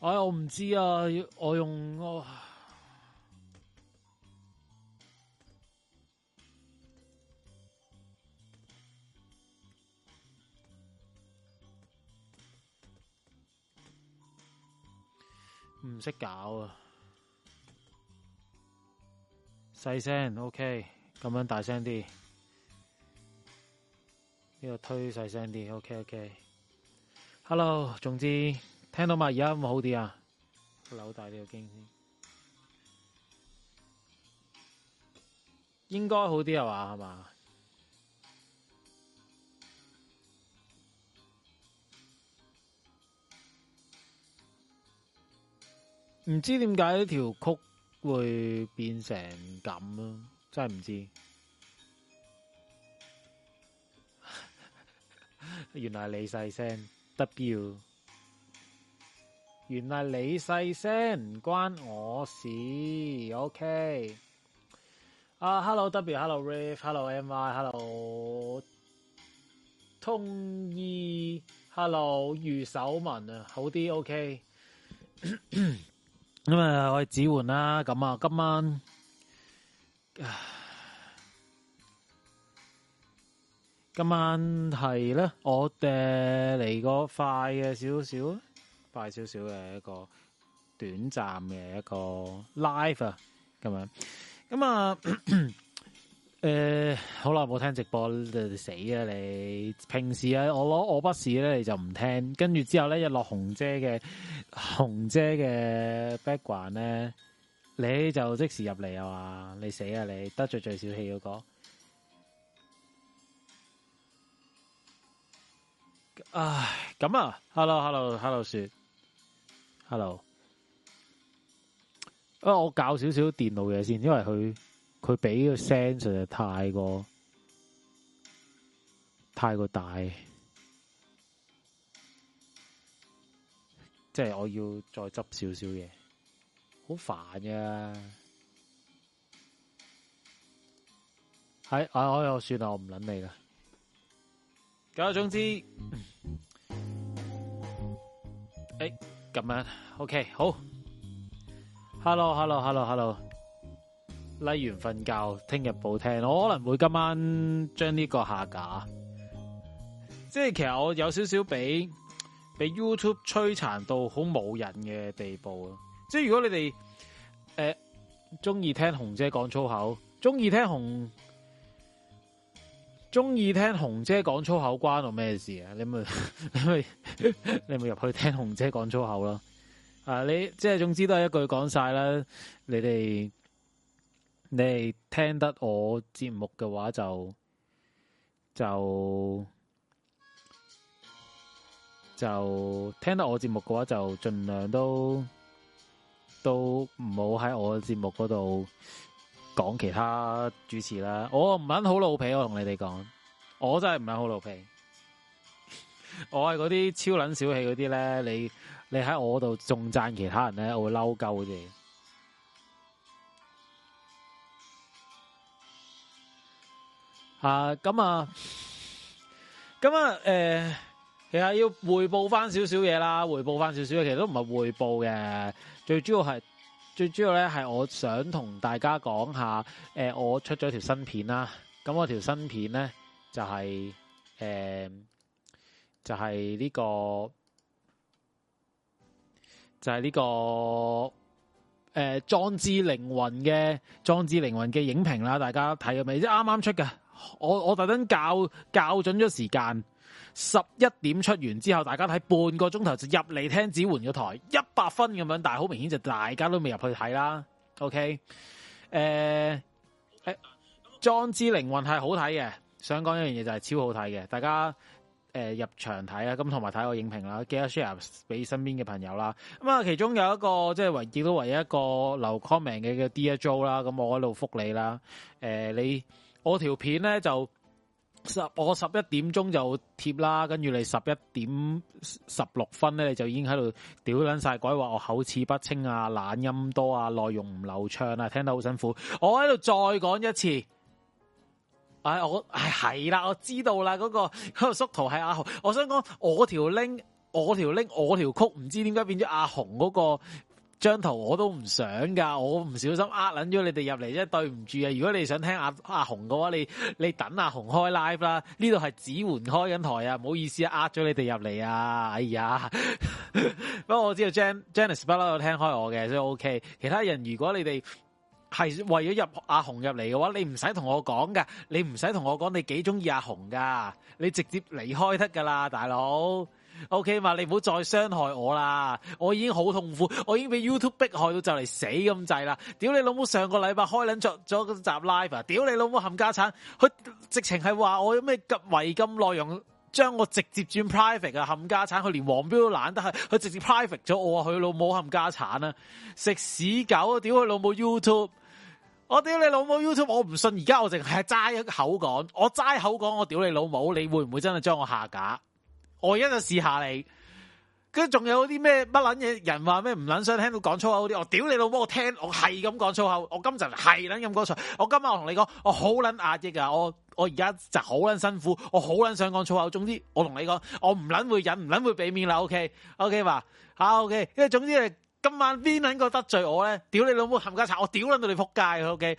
唉、哎，我唔知啊！我用我唔識搞啊小！細聲，OK，咁樣大聲啲，呢、這個推細聲啲，OK，OK、OK, OK。Hello，總之。聽到嘛？而家有冇好啲啊？扭大呢個經先，應該好啲係咪？係咪？唔知點解呢條曲會變成咁咯？真係唔知。原嚟你細聲，得要。原來你細聲，唔關我事。OK。啊，Hello W，Hello Riff，Hello M Y，Hello 通意，Hello 余守文啊，好啲。OK。咁啊，我哋置換啦。咁啊，今晚唉今晚係咧，我哋嚟個快嘅少少。快少少嘅一個短暫嘅一個 live 啊，咁樣咁啊，誒、呃，好耐冇聽直播，你死啊你！平時啊，我攞我筆試咧，你就唔聽，跟住之後咧一落紅姐嘅紅姐嘅 background 咧，你就即時入嚟啊話，你死啊你，得罪最小氣嗰個，唉、啊，咁啊，hello hello hello 雪。hello，因為、啊、我較少少電腦嘢先，因為佢佢俾個聲實在太過太過大，即係我要再執少少嘢，好煩嘅。係、哎、啊、哎，我又算啦，我唔捻你啦。咁啊，總之， 哎咁樣，OK，好，Hello，Hello，Hello，Hello，拉 hello, hello, hello.、Like、完瞓覺，聽日補聽，我可能會今晚將呢個下架，即係其實我有少少俾俾 YouTube 摧殘到好冇癮嘅地步咯，即係如果你哋誒中意聽紅姐講粗口，中意聽紅。中意聽紅姐講粗口關我咩事啊？你咪你咪你咪入去聽紅姐講粗口咯！啊，你即係總之都係一句講晒啦。你哋你哋聽得我節目嘅話就就就聽得我節目嘅話就盡量都都唔好喺我嘅節目嗰度。講其他主持啦，我唔撚好老皮，我同你哋講，我真係唔撚好老皮， 我係嗰啲超撚小氣嗰啲咧，你你喺我度仲讚其他人咧，我會嬲鳩嘅。吓咁 啊，咁啊，誒、啊呃，其實要回報翻少少嘢啦，回報翻少少嘢，其實都唔係回報嘅，最主要係。最主要咧係我想同大家講下，誒、呃，我出咗條新片啦，咁我條新片咧就係、是，誒、呃，就係、是、呢、這個，就係、是、呢、這個，誒、呃，壯志靈魂嘅壯志靈魂嘅影評啦，大家睇未？即係啱啱出嘅，我我特登校校準咗時間。十一點出完之後，大家睇半個鐘頭就入嚟，聽指換咗台一百分咁樣，但係好明顯就大家都未入去睇啦。OK，誒、呃、誒，哎《莊之靈魂》係好睇嘅，想講一樣嘢就係超好睇嘅，大家誒、呃、入場睇啊，咁同埋睇個影評啦，記得 share 俾身邊嘅朋友啦。咁啊，其中有一個即係唯亦都唯一一個留 comment 嘅嘅 D J O 啦，咁我喺度復你啦。誒，你我條片咧就。十我十一點鐘就貼啦，跟住你十一點十六分咧，你就已經喺度屌撚晒鬼話，我口齒不清啊，懶音多啊，內容唔流暢啊，聽得好辛苦。我喺度再講一次，唉、哎，我唉係啦，我知道啦，嗰、那個嗰、那個縮圖係阿雄。我想講我條 link，我條 link，我條曲，唔知點解變咗阿雄嗰、那個。張圖我都唔想噶，我唔小心呃捻咗你哋入嚟，真係對唔住啊！如果你想聽阿阿紅嘅話，你你等阿紅開 live 啦。呢度係指環開緊台啊，唔好意思啊呃咗你哋入嚟啊！哎呀，不 過我知道 Janice 不嬲有聽開我嘅，所以 OK。其他人如果你哋係為咗入阿紅入嚟嘅話，你唔使同我講噶，你唔使同我講你幾中意阿紅噶，你直接離開得噶啦，大佬。O K 嘛，okay，你唔好再傷害我啦！我已經好痛苦，我已經俾 YouTube 逼害到就嚟死咁滯啦！屌你，你老母，上個禮拜開捻咗嗰集 live 啊！屌你，你老母，冚家產！佢直情係話我有咩違禁內容，將我直接轉 private 啊！冚家產！佢連黃標都懶得去，佢直接 private 咗我啊！佢老母冚家產啊！食屎狗啊！屌佢老母 YouTube！我屌你老母 YouTube！我唔信，而家我淨係齋口講，我齋口講，我屌你老母！你會唔會真係將我下架？我就試一就試下你，跟住仲有啲咩乜撚嘢？人話咩唔撚想聽到講粗口啲？我屌你老母！我聽我係咁講粗口，我今集係撚咁多場。我今晚我同你講，我好撚壓抑啊！我我而家就好撚辛苦，我好撚想講粗口。總之我同你講，我唔撚會忍，唔撚會俾面啦。O K O K 話吓，O K。因、啊、為、OK, 總之係今晚邊撚個得罪我咧？屌你老母冚家柴！我屌撚到你仆街！O K，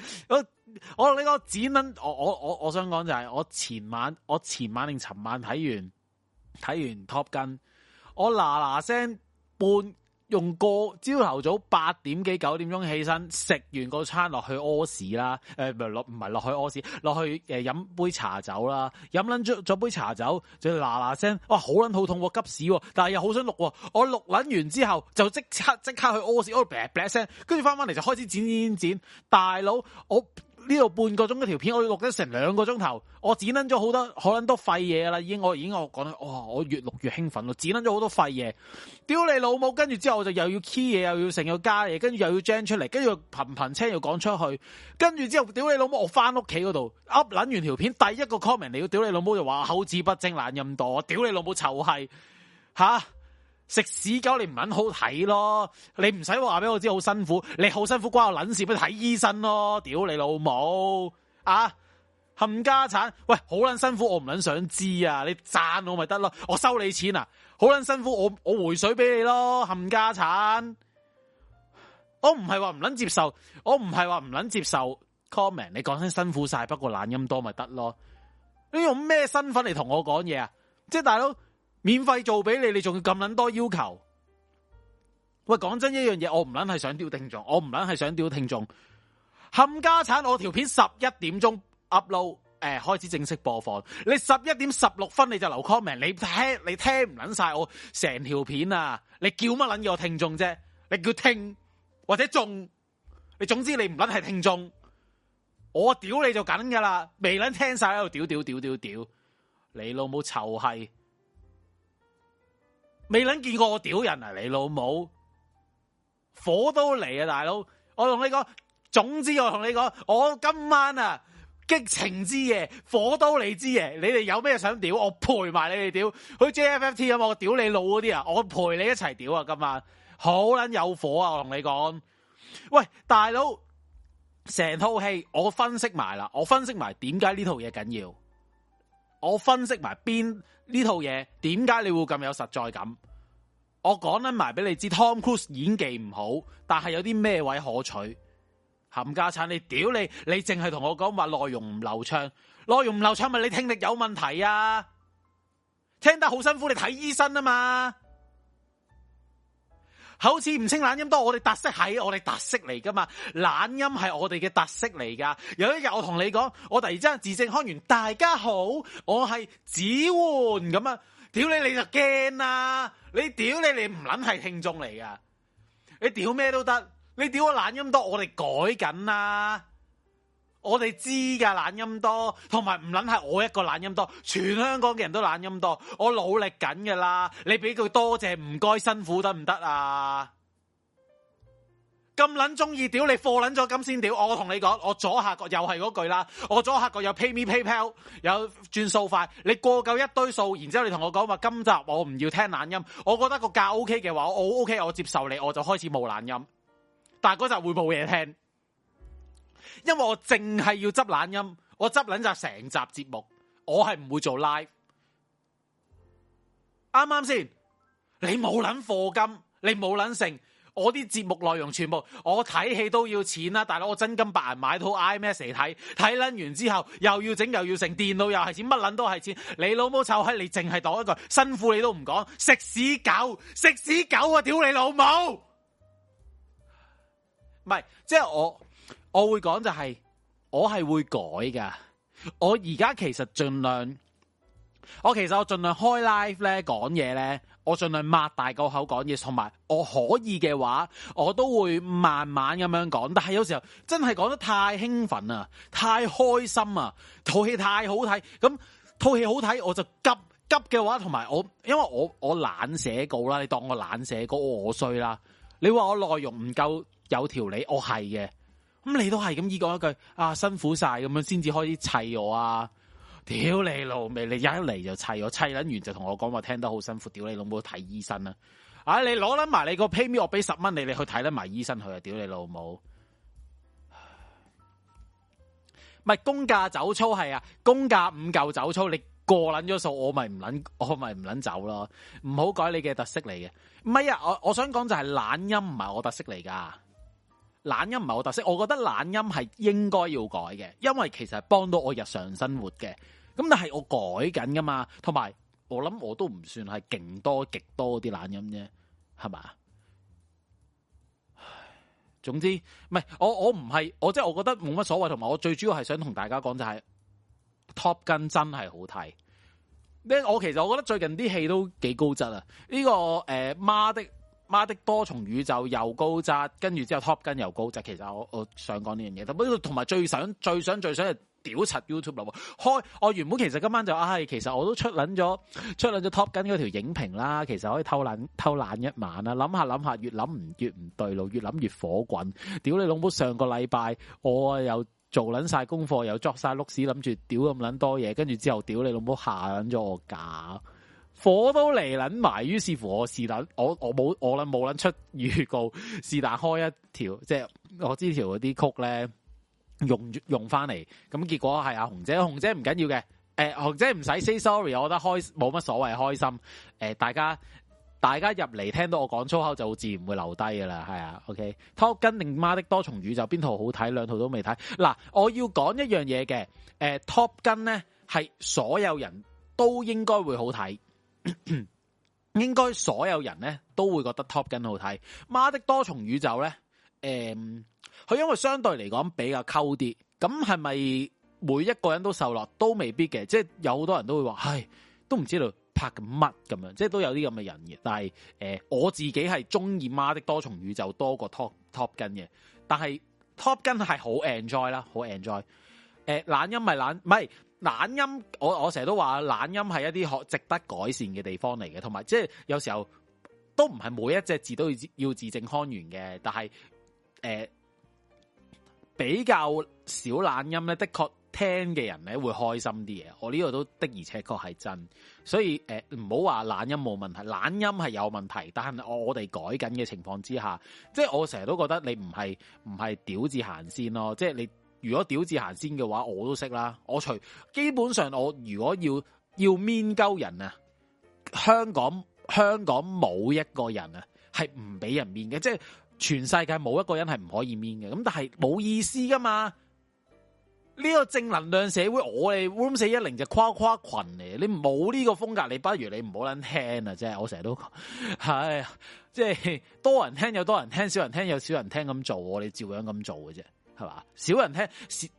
我同你講只撚我我我我，我想講就係我前晚我前晚定尋晚睇完。睇完 Top Gun，我嗱嗱聲，半用個朝頭早八點幾九點鐘起身，食完個餐落去屙屎啦，誒唔落唔係落去屙屎，落去誒飲、呃、杯茶酒啦，飲撚咗杯茶酒，就嗱嗱聲，哇好撚好痛喎，急屎、啊，但係又好想錄、啊，我錄撚完之後就即刻即刻去屙屎，屙到啤啤聲，跟住翻翻嚟就開始剪剪剪，大佬我。呢度半個鐘嘅條片，我要錄咗成兩個鐘頭，我剪撚咗好多可能多廢嘢噶啦，已經我已經我講哇！我越錄越興奮咯，剪撚咗好多廢嘢，屌你老母！跟住之後我就又要 key 嘢，又要成個加嘢，跟住又要剪出嚟，跟住頻頻車又講出去，跟住之後屌你老母！我翻屋企嗰度 upload 完條片，第一個 comment 嚟，屌你老母就話口齒不精、懶咁多。我屌你老母臭係吓食屎狗，你唔捻好睇咯？你唔使話俾我知好辛苦，你好辛苦關我撚事，不如睇醫生咯！屌你老母啊！冚家鏟，喂，好撚辛苦，我唔捻想知啊！你讚我咪得咯，我收你錢啊！好撚辛苦我，我我回水俾你咯！冚家鏟。我唔係話唔捻接受，我唔係話唔捻接受。Comment，你講聲辛苦晒，不過懶音多咪得咯？你用咩身份嚟同我講嘢啊？即係大佬。免費做俾你，你仲要咁撚多要求？喂，講真，一樣嘢，我唔撚係想屌聽眾，我唔撚係想屌聽眾。冚家鏟，我條片十一點鐘 upload，誒開始正式播放。你十一點十六分你就留 comment，你聽你聽唔撚晒我成條片啊！你叫乜撚嘢我聽眾啫？你叫聽或者中，你總之你唔撚係聽眾，我屌你就緊噶啦，未撚聽晒喺度屌屌屌屌屌，你老母臭閪！未捻見過我屌人啊！你老母火都嚟啊！大佬，我同你講，總之我同你講，我今晚啊激情之夜，火都嚟之夜，你哋有咩想屌，我陪埋你哋屌去 J F F T 啊嘛！我屌你老嗰啲啊，我陪你一齊屌啊！今晚好捻有火啊！我同你講，喂，大佬，成套戲我分析埋啦，我分析埋點解呢套嘢緊要，我分析埋邊。呢套嘢點解你會咁有實在感？我講緊埋俾你知，Tom Cruise 演技唔好，但係有啲咩位可取？冚家鏟你屌你！你淨係同我講話內容唔流暢，內容唔流暢咪你聽力有問題啊？聽得好辛苦，你睇醫生啊嘛！口齒唔清懶音多，我哋特色係我哋特色嚟噶嘛？懶音係我哋嘅特色嚟噶。有一日我同你講，我突然之間字正腔圓，大家好，我係子煥咁啊！屌你你就驚啦，啊！你屌你你唔捻係聽眾嚟噶，你屌咩都得，你屌我懶音多，我哋改緊，啊，啦。我哋知噶懶音多，同埋唔捻係我一個懶音多，全香港嘅人都懶音多。我努力緊噶啦，你俾佢多謝唔該辛苦得唔得啊？咁捻中意屌你貨捻咗金先屌！我同你講，我左下角又係嗰句啦，我左下角有 PayMe PayPal，有轉數快，你過夠一堆數，然之後你同我講話今集我唔要聽懶音，我覺得個價 O K 嘅話，我 OK，我接受你，我就開始冇懶音，但係嗰集會冇嘢聽。因為我淨係要執懶音，我執捻就成集節目，我係唔會做 live。啱啱先，你冇捻課金，你冇捻成，我啲節目內容全部我睇戲都要錢啦，大佬我真金白銀買套 IMAX 嚟睇，睇捻完之後又要整又要成，電腦又係錢，乜捻都係錢。你老母臭閪，你淨係當一句辛苦你都唔講，食屎狗，食屎狗啊！屌你老母，唔係即係我。我會講就係，我係會改噶。我而家其實盡量，我其實我盡量開 live 咧講嘢咧，我盡量擘大個口講嘢，同埋我可以嘅話，我都會慢慢咁樣講。但係有時候真係講得太興奮啊，太開心啊，套戲太好睇，咁套戲好睇我就急急嘅話，同埋我因為我我懶寫稿啦，你當我懶寫稿我衰啦。你話我內容唔夠有條理，我係嘅。咁你都係咁依講一句啊，辛苦晒咁樣先至開始砌我啊！屌你老味，你一嚟就砌我砌捻完就同我講話，聽得好辛苦，屌你老母睇醫生啊，你攞捻埋你個 pay me，我俾十蚊你，你去睇得埋醫生去啊！屌你老母，唔係公價走粗係啊，公價五舊走粗，你過捻咗數，我咪唔捻，我咪唔捻走咯，唔好改你嘅特色嚟嘅。唔係啊，我我想講就係懶音唔係我特色嚟噶。懶音唔係好特色，我覺得懶音係應該要改嘅，因為其實係幫到我日常生活嘅。咁但係我改緊㗎嘛，同埋我諗我都唔算係勁多極多啲懶音啫，係嘛？唉，總之唔係我我唔係我，即係我覺得冇乜所謂，同埋我最主要係想同大家講就係、是、，Top Gun 真係好睇。咧我其實我覺得最近啲戲都幾高質啊，呢個誒媽的！這個呃馬的多重宇宙又高質，跟住之後 Top 跟又高質，其實我我想講呢樣嘢，同埋最想最想最想係屌柒 YouTube 啦！我、哦、原本其實今晚就唉、哎，其實我都出撚咗出撚咗 Top 跟嗰條影評啦，其實可以偷懶偷懶一晚啊！諗下諗下，越諗唔越唔對路，越諗越，越火滾，屌你老母！上個禮拜我又做撚晒功課，又作晒碌屎，諗住屌咁撚多嘢，跟住之後屌你老母下撚咗我搞。火都嚟捻埋，於是乎我是但，我我冇我諗冇捻出預告，是但開一條，即係我知條嗰啲曲咧用用翻嚟，咁結果係阿紅姐，紅姐唔緊要嘅，誒紅姐唔使 say sorry，我覺得開冇乜所謂開心，誒大家大家入嚟聽到我講粗口就自然會留低噶啦，係啊，ok，Top Gun 定媽的多重宇宙邊套好睇，兩套都未睇，嗱我要講一樣嘢嘅，誒 Top Gun 咧係所有人都應該會好睇。 應該所有人咧都會覺得 Top Gun 好睇，《媽的多重宇宙》咧，誒、嗯，佢因為相對嚟講比較溝啲，咁係咪每一個人都受落都未必嘅？即係有好多人都會話，唉，都唔知道拍緊乜咁樣，即係都有啲咁嘅人嘅。但係誒、呃，我自己係中意《媽的多重宇宙》多過 Top Top Gun 嘅，但係 Top Gun 係好 enjoy 啦，好 enjoy。誒、呃，懶音咪懶，唔係。懶音，我我成日都話懶音係一啲學值得改善嘅地方嚟嘅，同埋即係有時候都唔係每一隻字都要要字正腔圓嘅，但係誒比較少懶音咧，的確聽嘅人咧會開心啲嘅。我呢個都的而且確係真，所以誒唔好話懶音冇問題，懶音係有問題，但係我我哋改緊嘅情況之下，即係我成日都覺得你唔係唔係屌字行先咯，即係你。如果屌字行先嘅話，我都識啦。我除基本上，我如果要要面鳩人啊，香港香港冇一個人啊係唔俾人面嘅，即係全世界冇一個人係唔可以面嘅。咁但係冇意思噶嘛？呢個正能量社會，我哋 room 四一零就誇誇群嚟。你冇呢個風格，你不如你唔好捻聽啊！即係我成日都係，即係多人聽有多人聽，少人聽有少人聽咁做，我哋照樣咁做嘅啫。係嘛？少人聽，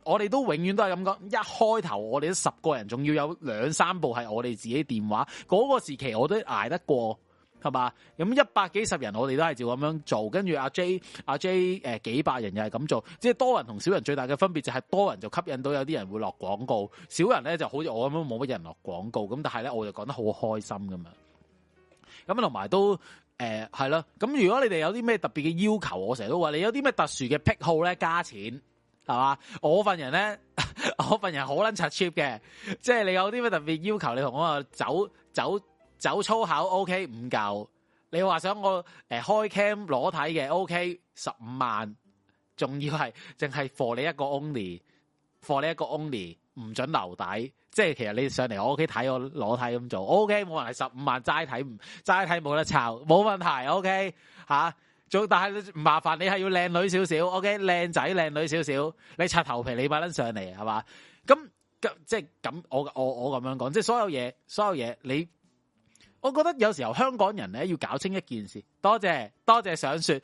我哋都永遠都係咁講。一開頭我哋十個人，仲要有兩三部係我哋自己電話。嗰個時期我都捱得過，係嘛？咁一百幾十人，我哋都係照咁樣做。跟住阿 J，阿 J，誒、呃，幾百人又係咁做。即係多人同少人最大嘅分別就係多人就吸引到有啲人會落廣告，少人咧就好似我咁樣冇乜人落廣告。咁但係咧，我就講得好開心咁樣。咁同埋都。誒，係咯、嗯，咁如果你哋有啲咩特別嘅要求，我成日都話你有啲咩特殊嘅癖好咧，加錢係嘛？我份人咧，我份人好捻 cheap 嘅，即係你有啲咩特別要求，你同我走走走粗口，OK 唔夠。你話想我誒、呃、開 cam 攞睇嘅，OK 十五萬，仲要係淨係 for 你一個 only，for 你一個 only，唔准留底。即係其實你上嚟我屋企睇我裸體咁做，O K，冇人係十五萬齋睇唔齋睇冇得抄，冇問題，O K，吓做，但係唔麻煩，你係要靚女少少，O K，靚仔靚女少少，你擦頭皮你咪捻上嚟係嘛，咁即係咁，我我我咁樣講，即係所有嘢，所有嘢你，我覺得有時候香港人咧要搞清一件事，多謝多謝想說。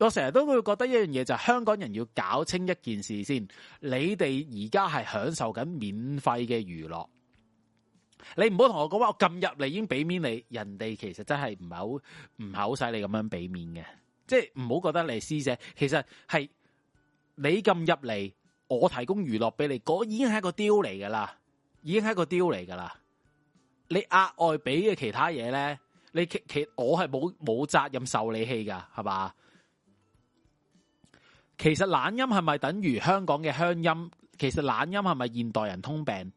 我成日都會覺得一樣嘢，就係香港人要搞清一件事先。你哋而家係享受緊免費嘅娛樂，你唔好同我講話我撳入嚟已經俾面你。人哋其實真係唔係好唔係好使你咁樣俾面嘅，即係唔好覺得你施捨。其實係你撳入嚟，我提供娛樂俾你，嗰已經係一個 deal 嚟噶啦，已經係一個 deal 嚟噶啦。你額外俾嘅其他嘢咧，你其其我係冇冇責任受你氣噶，係嘛？其實懶音係咪等於香港嘅鄉音？其實懶音係咪現代人通病？誒、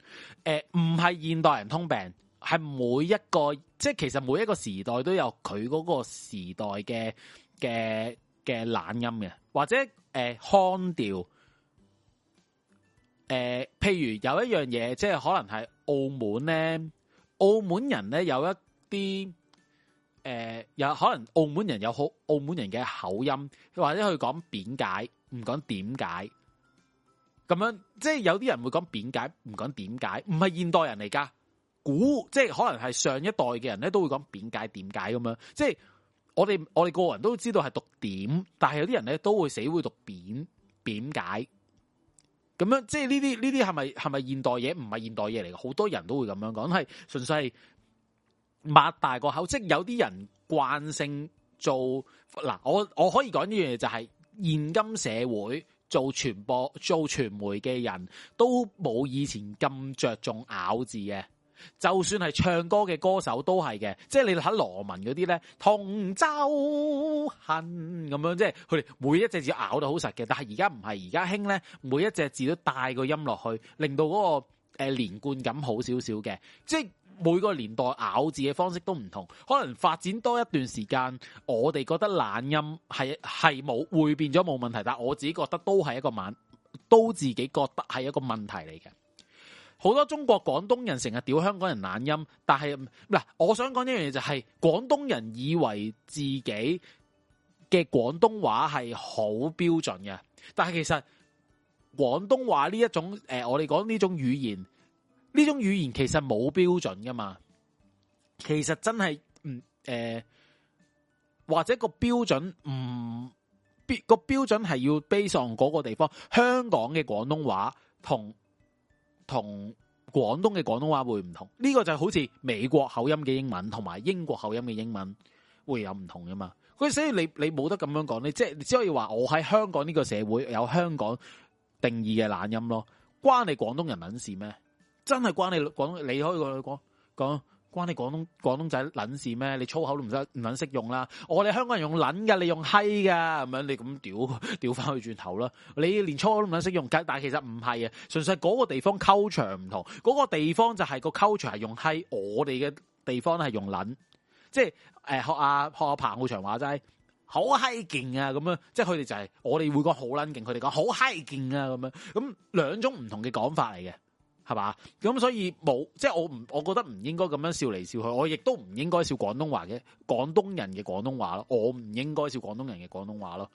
呃，唔係現代人通病，係每一個即係其實每一個時代都有佢嗰個時代嘅嘅嘅懶音嘅，或者誒腔調。誒、呃呃，譬如有一樣嘢，即係可能係澳門咧，澳門人咧有一啲。誒，有、呃、可能澳門人有好澳門人嘅口音，或者佢講扁解唔講點解咁樣，即係有啲人會講扁解唔講點解，唔係現代人嚟噶，古即係可能係上一代嘅人咧都會講扁解點解咁樣，即係我哋我哋個人都知道係讀點，但係有啲人咧都會死會讀扁扁解，咁樣即係呢啲呢啲係咪係咪現代嘢？唔係現代嘢嚟噶，好多人都會咁樣講，係純粹係。擘大個口，即係有啲人慣性做嗱，我我可以講呢樣嘢就係現今社會做傳播、做傳媒嘅人都冇以前咁着重咬字嘅，就算係唱歌嘅歌手都係嘅，即係你睇羅文嗰啲咧，同舟恨咁樣，即係佢哋每一隻字咬得好實嘅，但係而家唔係，而家興咧，每一隻字都帶個音落去，令到嗰、嗰個誒、呃、連貫感好少少嘅，即每個年代咬字嘅方式都唔同，可能發展多一段時間，我哋覺得懶音係係冇會變咗冇問題，但係我自己覺得都係一個慢，都自己覺得係一個問題嚟嘅。好多中國廣東人成日屌香港人懶音，但係嗱，我想講一樣嘢就係、是、廣東人以為自己嘅廣東話係好標準嘅，但係其實廣東話呢一種誒、呃，我哋講呢種語言。呢種語言其實冇標準噶嘛，其實真係，嗯，誒，或者個標準唔，邊個標準係要 base on 嗰個地方？香港嘅廣東話同同廣東嘅廣東話會唔同？呢、呢個就好似美國口音嘅英文同埋英國口音嘅英文會有唔同噶嘛？所以你你冇得咁樣講，你即係只可以話我喺香港呢個社會有香港定義嘅懶音咯，關你廣東人民事咩？真係關你廣東，你開個女講，講關你廣東廣東仔撚事咩？你粗口都唔識唔撚識用啦！我哋香港人用撚嘅，你用閪嘅咁樣，你咁屌，屌翻去轉頭啦！你連粗口都唔撚識用，但其實唔係啊，純粹嗰個地方溝場唔同，嗰、那個地方就係個溝場係用閪，我哋嘅地方咧係用撚，即係誒學阿、啊、學阿、啊、彭浩翔話齋，好閪勁啊咁樣，即係佢哋就係、是、我哋會講好撚勁，佢哋講好閪勁啊咁樣，咁兩種唔同嘅講法嚟嘅。係嘛？咁所以冇，即係我唔，我覺得唔應該咁樣笑嚟笑去。我亦都唔應該笑廣東話嘅廣東人嘅廣東話咯。我唔應該笑廣東人嘅廣東話咯。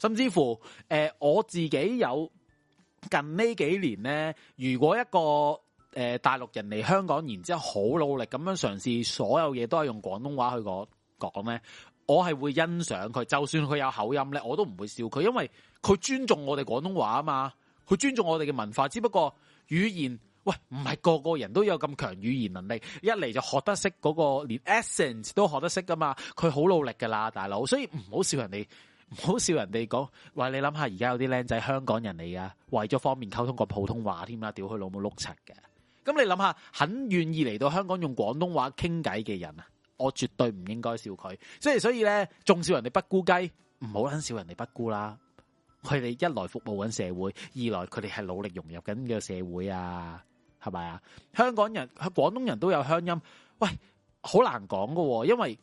甚至乎，誒、呃，我自己有近呢幾年呢，如果一個誒、呃、大陸人嚟香港，然之後好努力咁樣嘗試所有嘢都係用廣東話去講講呢，我係會欣賞佢。就算佢有口音呢，我都唔會笑佢，因為佢尊重我哋廣東話啊嘛，佢尊重我哋嘅文化。只不過語言。喂，唔係個個人都有咁強語言能力，一嚟，就學得識嗰個，連 essence 都學得識噶嘛？佢好努力噶啦，大佬，所以唔好笑人哋，唔好笑人哋講話。你諗下，而家有啲靚仔香港人嚟噶，為咗方便溝通個普通話添啦，屌佢老母碌柒嘅。咁你諗下，很願意嚟到香港用廣東話傾偈嘅人啊，我絕對唔應該笑佢。所以，所以咧，仲笑人哋不孤雞，唔好肯笑人哋不孤啦。佢哋一來服務緊社會，二來佢哋係努力融入緊個社會啊。係咪啊？香港人、廣東人都有鄉音，喂，好難講㗎喎，因為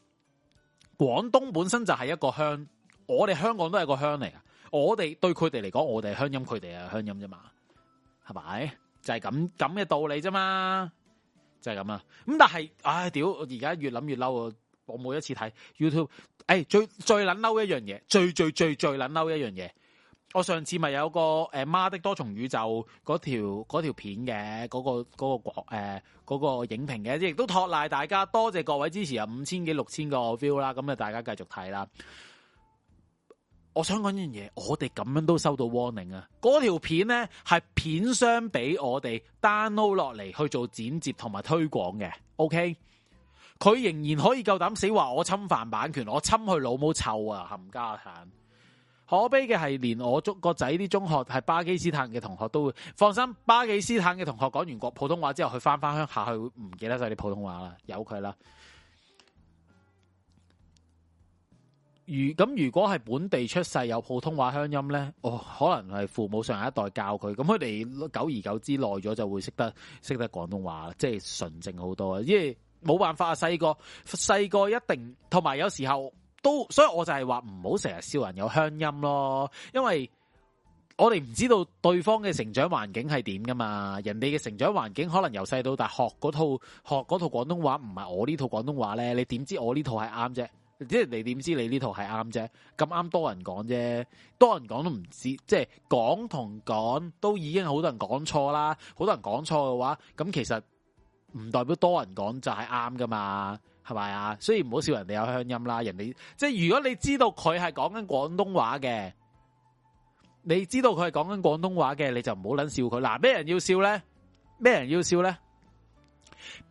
廣東本身就係一個鄉，我哋香港都係個鄉嚟㗎，我哋對佢哋嚟講，我哋係鄉音，佢哋係鄉音啫嘛，係咪？就係咁咁嘅道理啫嘛，就係咁啊。咁但係，唉、哎，屌！我而家越諗越嬲啊！我每一次睇 YouTube，誒、哎，最最撚嬲一樣嘢，最最最最撚嬲一樣嘢。我上次咪有個誒《媽的多重宇宙》嗰條嗰條片嘅，嗰個嗰個國誒嗰個影評嘅，亦都托賴大家多謝各位支持啊，有五千幾六千個 view 啦，咁啊大家繼續睇啦。我想講一樣嘢，我哋咁樣都收到 warning 啊！嗰條片呢係片商俾我哋 download 落嚟，去做剪接同埋推廣嘅，OK？佢仍然可以夠膽死話我侵犯版權，我侵佢老母臭啊，冚家鏟！可悲嘅係，連我中個仔啲中學係巴基斯坦嘅同學都會放心。巴基斯坦嘅同學講完國普通話之後，佢翻翻鄉下去，會唔記得晒啲普通話啦，由佢啦。如咁，如果係本地出世有普通話鄉音呢，哦，可能係父母上一代教佢，咁佢哋久而久之耐咗就會識得識得廣東話，即係純正好多。因為冇辦法啊，細個細個一定同埋有，有時候。都所以我就係話唔好成日笑人有鄉音咯，因為我哋唔知道對方嘅成長環境係點噶嘛，人哋嘅成長環境可能由細到大學嗰套學嗰套廣東話唔係我呢套廣東話咧，你點知我呢套係啱啫？即係你點知你呢套係啱啫？咁啱多人講啫，多人講都唔知，即係講同講都已經好多人講錯啦，好多人講錯嘅話，咁其實唔代表多人講就係啱噶嘛。.係咪啊？所以唔好笑人哋有鄉音啦，人哋即係如果你知道佢係講緊廣東話嘅，你知道佢係講緊廣東話嘅，你就唔好捻笑佢。嗱，咩人要笑咧？咩人要笑咧？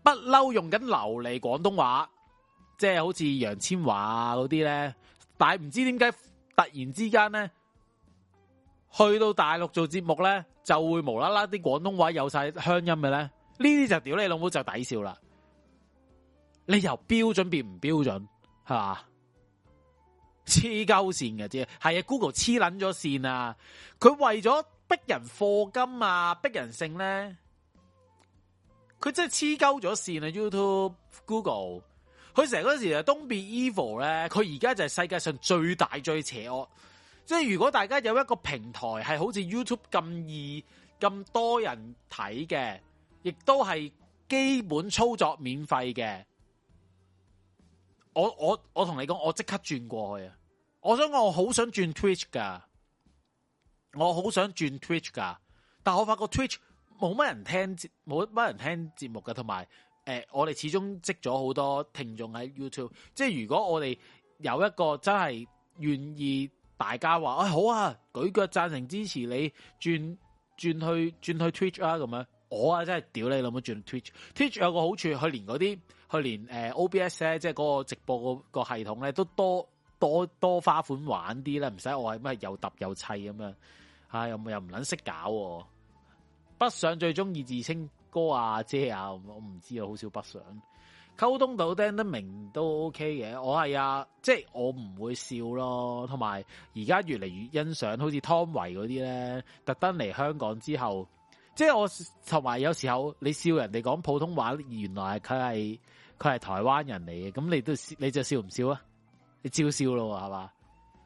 不嬲用緊流利廣東話，即係好似楊千嬅嗰啲咧，但係唔知點解突然之間咧，去到大陸做節目咧，就會無啦啦啲廣東話有晒鄉音嘅咧，呢啲就屌你老母就抵笑啦！你由標準變唔標準，係嘛？黐鳩線嘅啫，係啊，Google 黐撚咗線啊！佢為咗逼人課金啊，逼人性咧，佢真係黐鳩咗線啊！YouTube Google、Google，佢成日嗰陣時啊，Don't be evil 咧，佢而家就係世界上最大最邪惡。即係如果大家有一個平台係好似 YouTube 咁易咁多人睇嘅，亦都係基本操作免費嘅。我我我同你講，我即刻轉過去啊！我想講，我好想轉 Twitch 㗎，我好想轉 Twitch 㗎，但我發覺 Twitch 冇乜人聽，冇乜人聽節目㗎。同埋誒，我哋始終積咗好多聽眾喺 YouTube。即係如果我哋有一個真係願意大家話，哎，好啊，舉腳贊成支持你轉轉去轉去 Twitch 啊，咁樣我啊真係屌你老母轉 Twitch！Twitch 有個好處，佢連嗰啲。去年 OBS 咧，BS，即係嗰個直播嗰個系統咧，都多多多花款玩啲咧，唔使我係咩又揼又砌咁樣，嚇、哎、又唔又唔撚識搞。北上最中意自稱哥啊姐啊，我唔知啊，好少北上。溝通到聽得明都 OK 嘅，我係啊，即係我唔會笑咯。同埋而家越嚟越欣賞，好似湯唯嗰啲咧，特登嚟香港之後，即係我同埋有，有時候你笑人哋講普通話，原來係佢係。佢係台灣人嚟嘅，咁你都你就笑唔笑啊？你照笑咯，係嘛？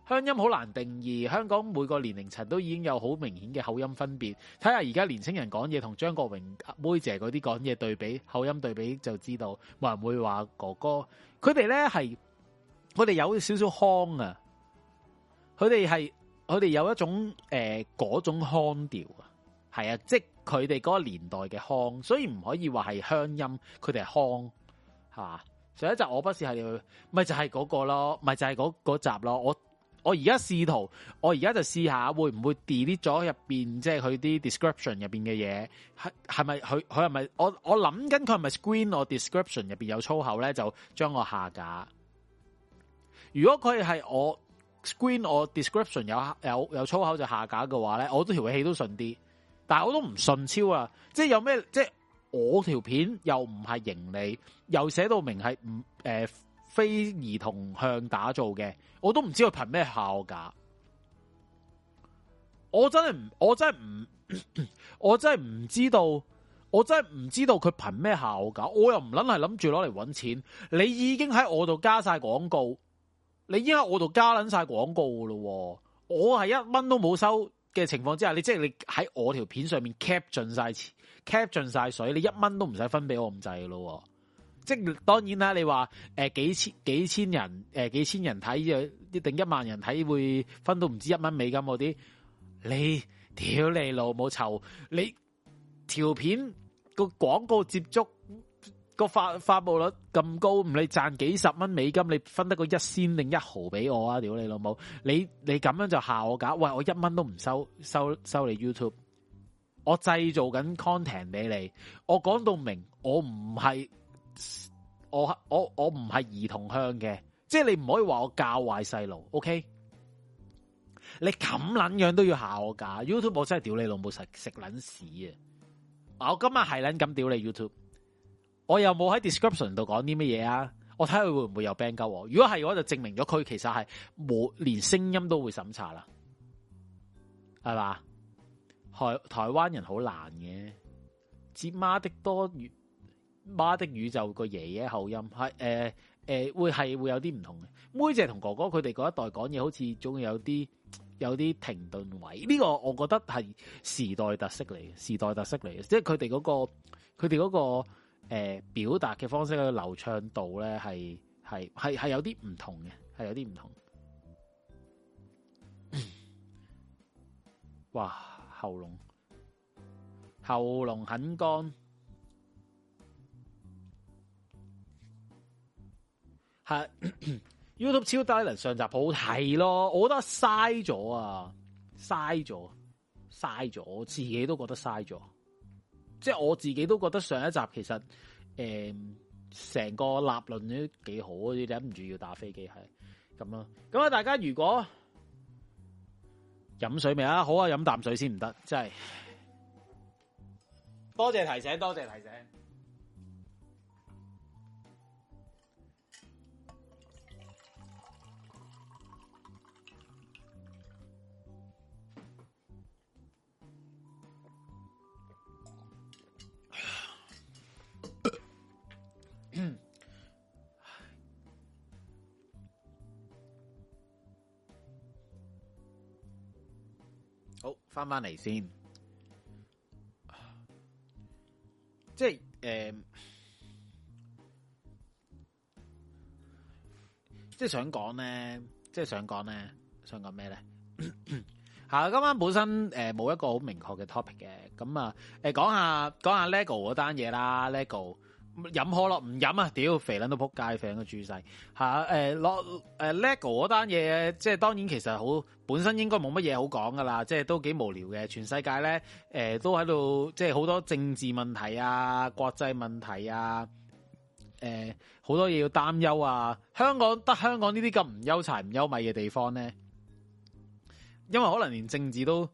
鄉音好難定義，香港每個年齡層都已經有好明顯嘅口音分別。睇下而家年輕人講嘢同張國榮妹姐嗰啲講嘢對比，口音對比就知道，冇人會話哥哥。佢哋咧係，佢哋有少少腔啊。佢哋係，佢哋有一種誒嗰、呃、種腔調啊，係啊，即係佢哋嗰個年代嘅腔，所以唔可以話係鄉音，佢哋係腔。係嘛？上一集我不是係咪就係嗰個咯？咪就係嗰嗰集咯？我我而家試圖，我而家就試下會唔會 delete 咗入邊，即係佢啲 description 入邊嘅嘢，係係咪佢佢係咪我我諗緊佢係咪 screen 我 description 入邊有粗口咧就將我下架？如果佢係我 screen 我 description 有有有粗口就下架嘅話咧，我都條氣都順啲。但係我都唔順超啊！即係有咩即係？我條片又唔係盈利，又寫到明係唔、誒非兒童向打造嘅，我都唔知佢憑咩效價。我真係唔，我真係唔，我真係唔知道，我真係唔知道佢憑咩效價。我又唔諗係諗住攞嚟搵錢。你已經喺我度加晒廣告，你已經喺我度加捻晒廣告噶喎。我係一蚊都冇收嘅情況之下，你即係你喺我條片上面 cap 盡晒錢 cap 盡晒水，你一蚊都唔使分俾我咁滯咯喎！即係當然啦，你話誒幾千幾千人誒、呃、幾千人睇，一定一萬人睇會分到唔止一蚊美金嗰啲，你屌你老母臭！你，你條片個廣告接觸個發發佈率咁高，唔理賺幾十蚊美金，你分得個一仙定一毫俾我啊！屌你老母，你你咁樣就嚇我搞，喂我一蚊都唔收，收收你 YouTube。我製造緊 content 俾你，我講到明，我唔係我我我唔係兒童向嘅，即係你唔可以話我教壞細路，OK？你冚撚樣都要嚇我㗎，YouTube 我真係屌你老母食食撚屎啊！我今日係撚咁屌你 YouTube，我又冇喺 description 度講啲乜嘢啊？我睇下佢會唔會有 ban 鳩？如果係，我就證明咗佢其實係冇連聲音都會審查啦，係嘛？台台灣人好難嘅，似媽的多語媽的宇宙個爺爺口音係誒誒，會係會有啲唔同嘅。妹姐同哥哥佢哋嗰一代講嘢，好似總有啲有啲停頓位。呢個我覺得係時代特色嚟嘅，時代特色嚟嘅，即係佢哋嗰個佢哋、嗰個誒、呃、表達嘅方式嘅流暢度咧，係係係係有啲唔同嘅，係有啲唔同。哇！喉嚨喉嚨很乾，係 YouTube 超低能上集好睇咯，我覺得嘥咗啊，嘥咗嘥咗，我自己都覺得嘥咗，即係我自己都覺得上一集其實誒，成個立論都幾好，你忍唔住要打飛機係咁咯，咁啊大家如果。飲水未啊？好啊，飲啖水先唔得，真係！多謝提醒，多謝提醒。翻翻嚟先，即係誒、呃，即係想講咧，即係想講咧，想講咩咧？吓， 今晚本身誒冇、呃、一個好明確嘅 topic 嘅，咁啊，誒、呃、講下講下 Lego 嗰單嘢啦，Lego。飲可樂唔飲啊！屌肥撚到仆街，肥個豬仔吓！誒，攞誒，Lego 嗰單嘢，即係當然其實好本身應該冇乜嘢好講㗎喇，即係都幾無聊嘅。全世界咧，誒、呃，都喺度即係好多政治問題啊，國際問題啊，誒、呃，好多嘢要擔憂啊。香港得香港呢啲咁唔憂柴唔憂米嘅地方咧，因為可能連政治都，誒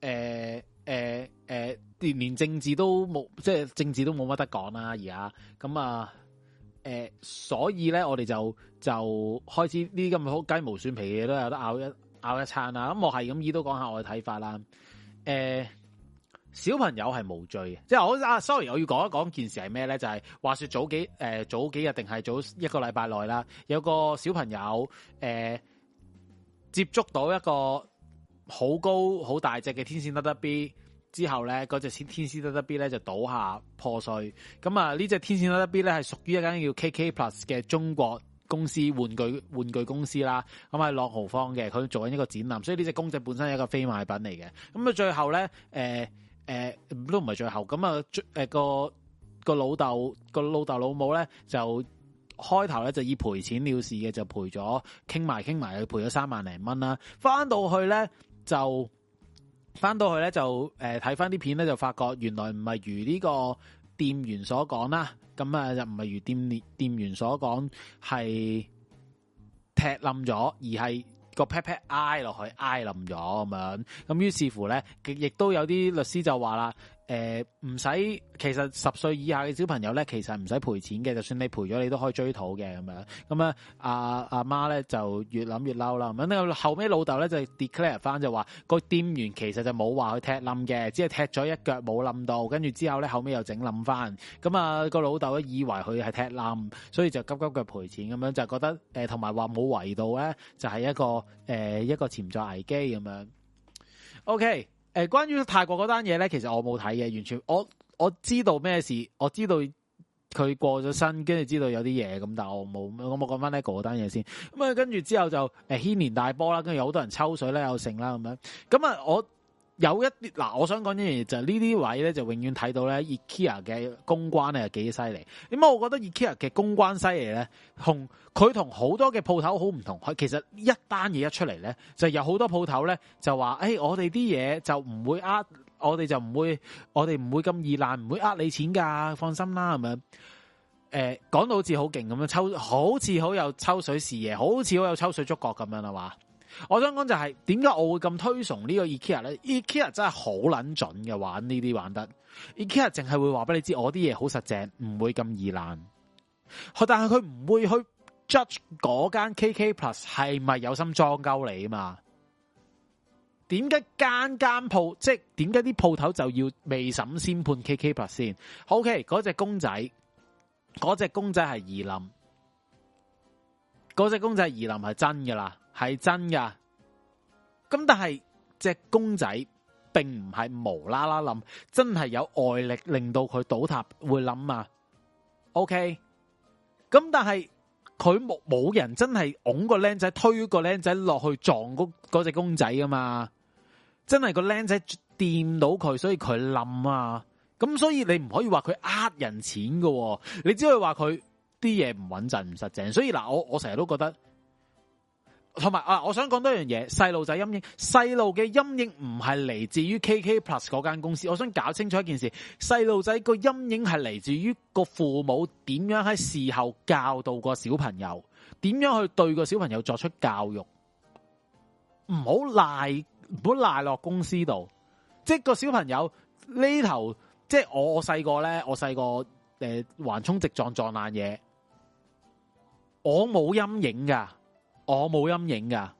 誒誒。呃呃連政治都冇，即係政治都冇乜得講啦而家，咁啊，誒、呃，所以咧，我哋就就開始呢咁好雞毛蒜皮嘅嘢都有得拗一拗一餐啦。咁我係咁依都講下我嘅睇法啦。誒、呃，小朋友係無罪嘅，即係我啊，sorry，我要講一講件事係咩咧？就係、是、話說早幾誒、呃、早幾日定係早一個禮拜內啦，有個小朋友誒、呃，接觸到一個好高好大隻嘅天線得得 B。之後咧，嗰隻天天線得得 B 咧就倒下破碎。咁啊，呢隻天線得得 B 咧係屬於一間叫 KK Plus 嘅中國公司玩具玩具公司啦。咁係朗豪坊嘅，佢做緊一個展覽，所以呢隻公仔本身係一個非賣品嚟嘅。咁啊，最後咧，誒、呃、誒，都唔係最後。咁啊，誒、呃、個個老豆個老豆老母咧就開頭咧就以賠錢了事嘅，就賠咗傾埋傾埋，佢賠咗三萬零蚊啦。翻到去咧就。翻到去咧就誒，睇翻啲片咧就發覺原來唔係如呢個店員所講啦，咁啊就唔係如店店員所講係踢冧咗，而係個 pat pat 挨落去挨冧咗咁樣，咁於是乎咧，亦都有啲律師就話啦。誒唔使，其實十歲以下嘅小朋友咧，其實唔使賠錢嘅，就算你賠咗，你都可以追討嘅咁樣。咁啊，阿阿媽咧就越諗越嬲啦。咁後尾老豆咧就 declare 翻就話，個店員其實就冇話佢踢冧嘅，只係踢咗一腳冇冧到，跟住之後咧後尾又整冧翻。咁啊個老豆咧以為佢係踢冧，所以就急急腳賠錢咁樣，就覺得誒同埋話冇圍到咧，就係一個誒一個潛在危機咁樣。OK。誒，關於泰國嗰單嘢咧，其實我冇睇嘅，完全我我知道咩事，我知道佢過咗身，跟住知道有啲嘢咁，但係我冇，我冇講返呢個單嘢先。咁啊，跟住之後就誒軒然大波啦，跟住有好多人抽水啦，有剩啦咁樣。咁啊，我。有一啲嗱、啊，我想講一樣嘢就係呢啲位咧，就永遠睇到咧，IKEA 嘅公關咧有幾犀利。點解，我覺得 IKEA 嘅公關犀利咧，同佢同好多嘅鋪頭好唔同。佢其實一單嘢一出嚟咧，就有好多鋪頭咧就話：誒、欸，我哋啲嘢就唔會呃，我哋就唔會，我哋唔會咁易爛，唔會呃你的錢噶，放心啦，係咪？誒、欸，講到好似好勁咁樣，抽好似好有抽水視野，好似好有抽水觸角咁樣啊嘛。我想講就係點解我會咁推崇個呢個 Eka 咧？Eka 真係好捻準嘅，玩呢啲玩得。Eka 淨係會話俾你知，我啲嘢好實淨，唔會咁易爛。但係佢唔會去 judge 嗰間 KK Plus 係咪有心裝鳩你啊嘛？點解間間鋪即係點解啲鋪頭就要未審先判 KK Plus 先？OK，嗰隻公仔，嗰隻公仔係二林，嗰隻公仔二林係真噶啦。係真噶，咁但係隻公仔並唔係無啦啦冧，真係有外力令到佢倒塌會冧啊。OK，咁但係佢冇冇人真係拱個僆仔推個僆仔落去撞嗰嗰隻公仔啊嘛，真係個僆仔掂到佢，所以佢冧啊。咁所以你唔可以話佢呃人錢噶，你只可以話佢啲嘢唔穩陣唔實淨。所以嗱，我我成日都覺得。同埋啊，我想講多樣嘢。細路仔陰影，細路嘅陰影唔係嚟自於 KK Plus 嗰間公司。我想搞清楚一件事：細路仔個陰影係嚟自於個父母點樣喺事後教導個小朋友，點樣去對個小朋友作出教育，唔好賴，唔好賴落公司度。即係個小朋友呢頭，即係我細個咧，我細個誒橫衝直撞撞爛嘢，我冇陰影噶。我冇陰影噶，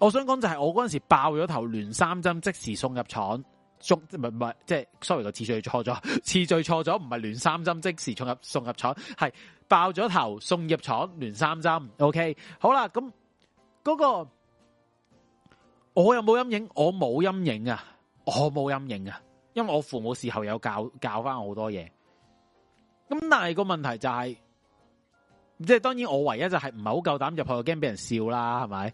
我想講就係我嗰陣時爆咗頭，連三針即時送入廠，捉唔係唔係即係 sorry 個次序錯咗，次序錯咗，唔係連三針即時送入送入廠，係爆咗頭送入廠，連三針。OK，好啦，咁嗰個我又冇陰影，我冇陰影啊，我冇陰影啊，因為我父母事後有教教翻我好多嘢。咁但係個問題就係。即係當然，我唯一就係唔係好夠膽入去，驚俾人笑啦，係咪？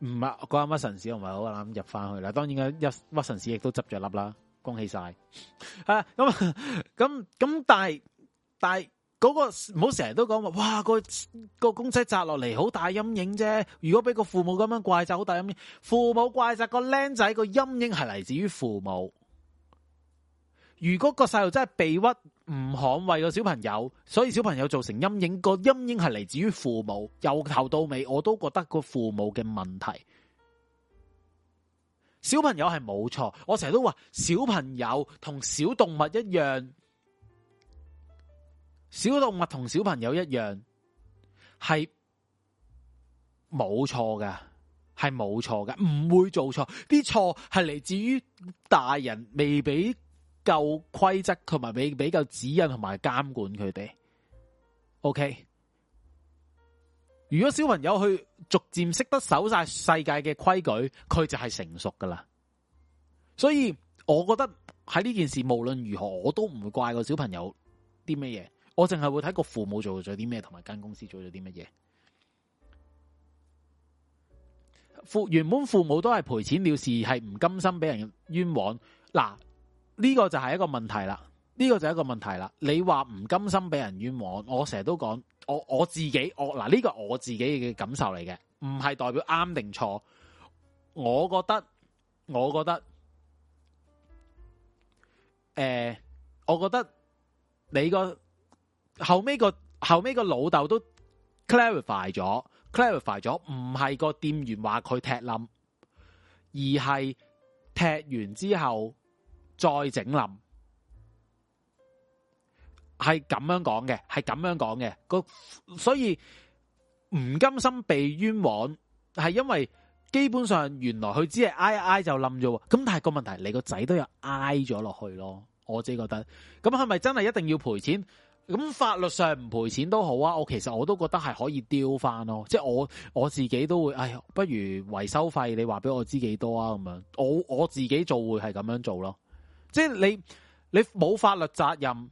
唔係講阿屈臣氏，我唔係好夠膽入翻去啦。當然一屈臣氏亦都執着笠啦，恭喜晒。啊，咁咁咁，但係但係嗰個唔好成日都講話，哇、嗰個、嗰個公仔摘落嚟好大陰影啫。如果俾個父母咁樣怪責，好大陰影。父母怪責、嗰個僆仔個陰影係嚟自於父母。如果個細路真係被屈。唔捍衛個小朋友，所以小朋友造成陰影。個陰影係嚟自於父母，由頭到尾我都覺得個父母嘅問題。小朋友係冇錯，我成日都話小朋友同小動物一樣，小動物同小朋友一樣係冇錯嘅，係冇錯嘅，唔會做錯。啲錯係嚟自於大人未俾。舊規則，同埋比較比較指引同埋監管佢哋。O、okay? K，如果小朋友去逐漸識得守晒世界嘅規矩，佢就係成熟噶啦。所以我覺得喺呢件事無論如何，我都唔會怪個小朋友啲乜嘢。我淨係會睇個父母做咗啲咩，同埋間公司做咗啲乜嘢。父原本父母都係賠錢了事，係唔甘心俾人冤枉嗱。呢個就係一個問題啦，呢個就係一個問題啦。你話唔甘心俾人冤枉，我成日都講，我我自己，我嗱呢個我自己嘅感受嚟嘅，唔係代表啱定錯。我覺得，我覺得，誒，我覺得你個後尾個後尾個老豆都 clarify 咗，clarify 咗，唔係個店員話佢踢冧，而係踢完之後。再整冧，係咁樣講嘅，係咁樣講嘅個，所以唔甘心被冤枉，係因為基本上原來佢只係挨挨就冧咗，咁但係個問題，你個仔都有挨咗落去咯，我自己覺得，咁係咪真係一定要賠錢？咁法律上唔賠錢都好啊，我其實我都覺得係可以丟翻咯，即係我我自己都會，哎呀，不如維修費你話俾我知幾多啊？咁樣，我我自己做會係咁樣做咯。即係你，你冇法律責任，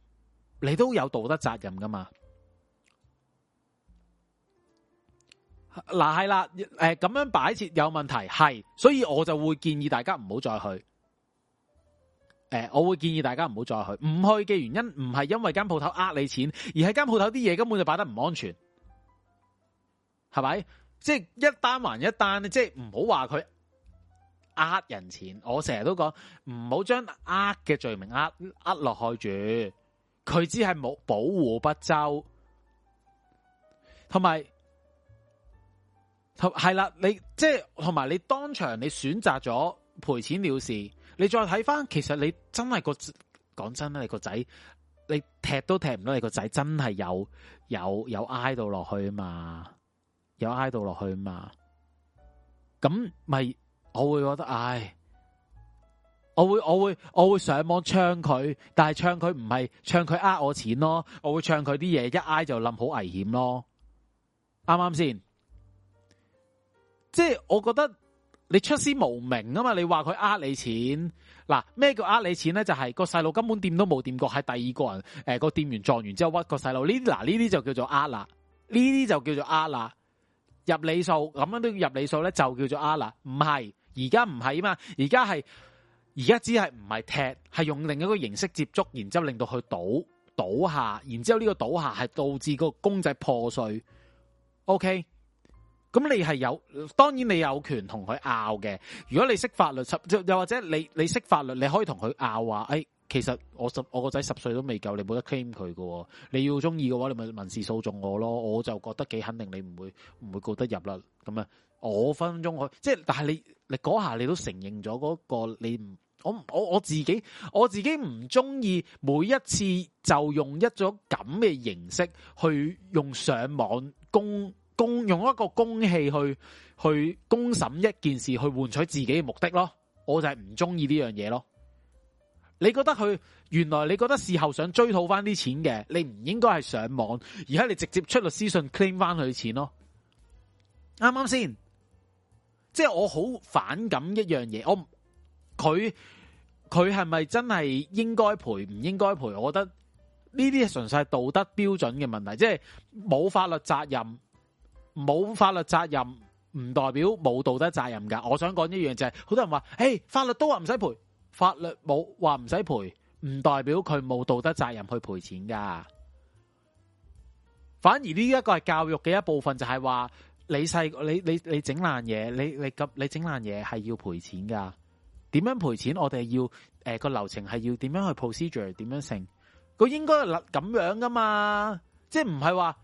你都有道德責任噶嘛？嗱係啦，誒咁、呃、樣擺設有問題，係，所以我就會建議大家唔好再去。誒、呃，我會建議大家唔好再去。唔去嘅原因唔係因為間鋪頭呃你錢，而係間鋪頭啲嘢，根本就擺得唔安全，係咪？即係一單還一單，即係唔好話佢。呃人錢，我成日都講唔好將呃嘅罪名呃呃落去住，佢只係冇保護不周，同埋同係啦，你即係同埋你當場你選擇咗賠錢了事，你再睇翻，其實你真係個講真啦，你個仔你踢都踢唔到，你個仔真係有有有挨到落去啊嘛，有挨到落去啊嘛，咁咪。不我會覺得唉，我會我會我會上網唱佢，但係唱佢唔係唱佢呃我錢咯，我會唱佢啲嘢，一挨就冧，好危險咯，啱啱先，即係我覺得你出師無名啊嘛，你話佢呃你錢，嗱，咩叫呃你錢咧？就係個細路根本掂都冇掂過，喺第二個人誒，個店員撞完之後屈個細路呢，嗱呢啲就叫做呃啦，呢啲就叫做呃啦，入你數咁樣都入你數咧，就叫做呃啦，唔係。而家唔係啊嘛，而家係而家只係唔係踢，係用另一個形式接觸，然之後令到佢倒倒下，然之後呢個倒下係導致個公仔破碎。OK，咁你係有，當然你有權同佢拗嘅。如果你識法律，十又或者你你識法律，你可以同佢拗話，誒、哎，其實我十我個仔十歲都未夠，你冇得 claim 佢噶。你要中意嘅話，你咪民事訴訟我咯。我就覺得幾肯定你唔會，你唔會唔會告得入啦咁啊。我分分鐘去，即係但係你你嗰下你都承認咗嗰個，你唔我我我自己我自己唔中意每一次就用一種咁嘅形式去，用上網公公用一個公器去去公審一件事去換取自己嘅目的咯，我就係唔中意呢樣嘢咯。你覺得佢原來你覺得事後想追討翻啲錢嘅，你唔應該係上網，而係你直接出嚟私信 claim 翻佢錢咯。啱啱先。即係我好反感一樣嘢，我佢佢係咪真係應該賠唔應該賠？我覺得呢啲純粹係道德標準嘅問題，即係冇法律責任，冇法律責任唔代表冇道德責任噶。我想講一樣就係，好多人話，誒法律都話唔使賠，法律冇話唔使賠，唔代表佢冇道德責任去賠錢噶。反而呢一個係教育嘅一部分，就係話。你細你你你整爛嘢，你你咁你整爛嘢係要賠錢噶？點樣賠錢我們？我哋要誒個流程係要點樣去 procedure？點樣成？佢應該係咁樣噶嘛？即係唔係話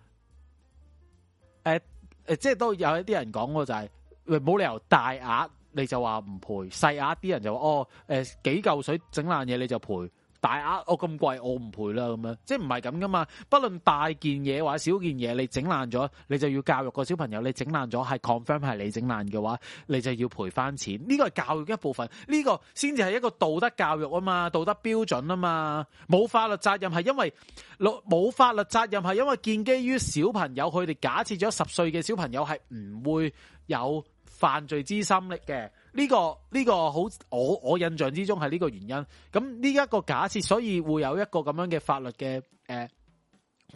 誒誒？即係都有一啲人講過，就係，就係冇理由大額你就話唔賠，細額啲人就話哦誒幾嚿水整爛嘢你就賠。大額我咁貴我唔賠啦咁樣，即係唔係咁噶嘛？不論大件嘢或者小件嘢，你整爛咗，你就要教育個小朋友，你整爛咗係 confirm 係你整爛嘅話，你就要賠翻錢。呢個係教育嘅一部分，呢個先至係一個道德教育啊嘛，道德標準啊嘛。冇法律責任係因為冇法律責任係因為建基於小朋友佢哋假設咗十歲嘅小朋友係唔會有犯罪之心力嘅。呢、這個呢、這個好，我我印象之中係呢個原因。咁呢一個假設，所以會有一個咁樣嘅法律嘅誒、呃、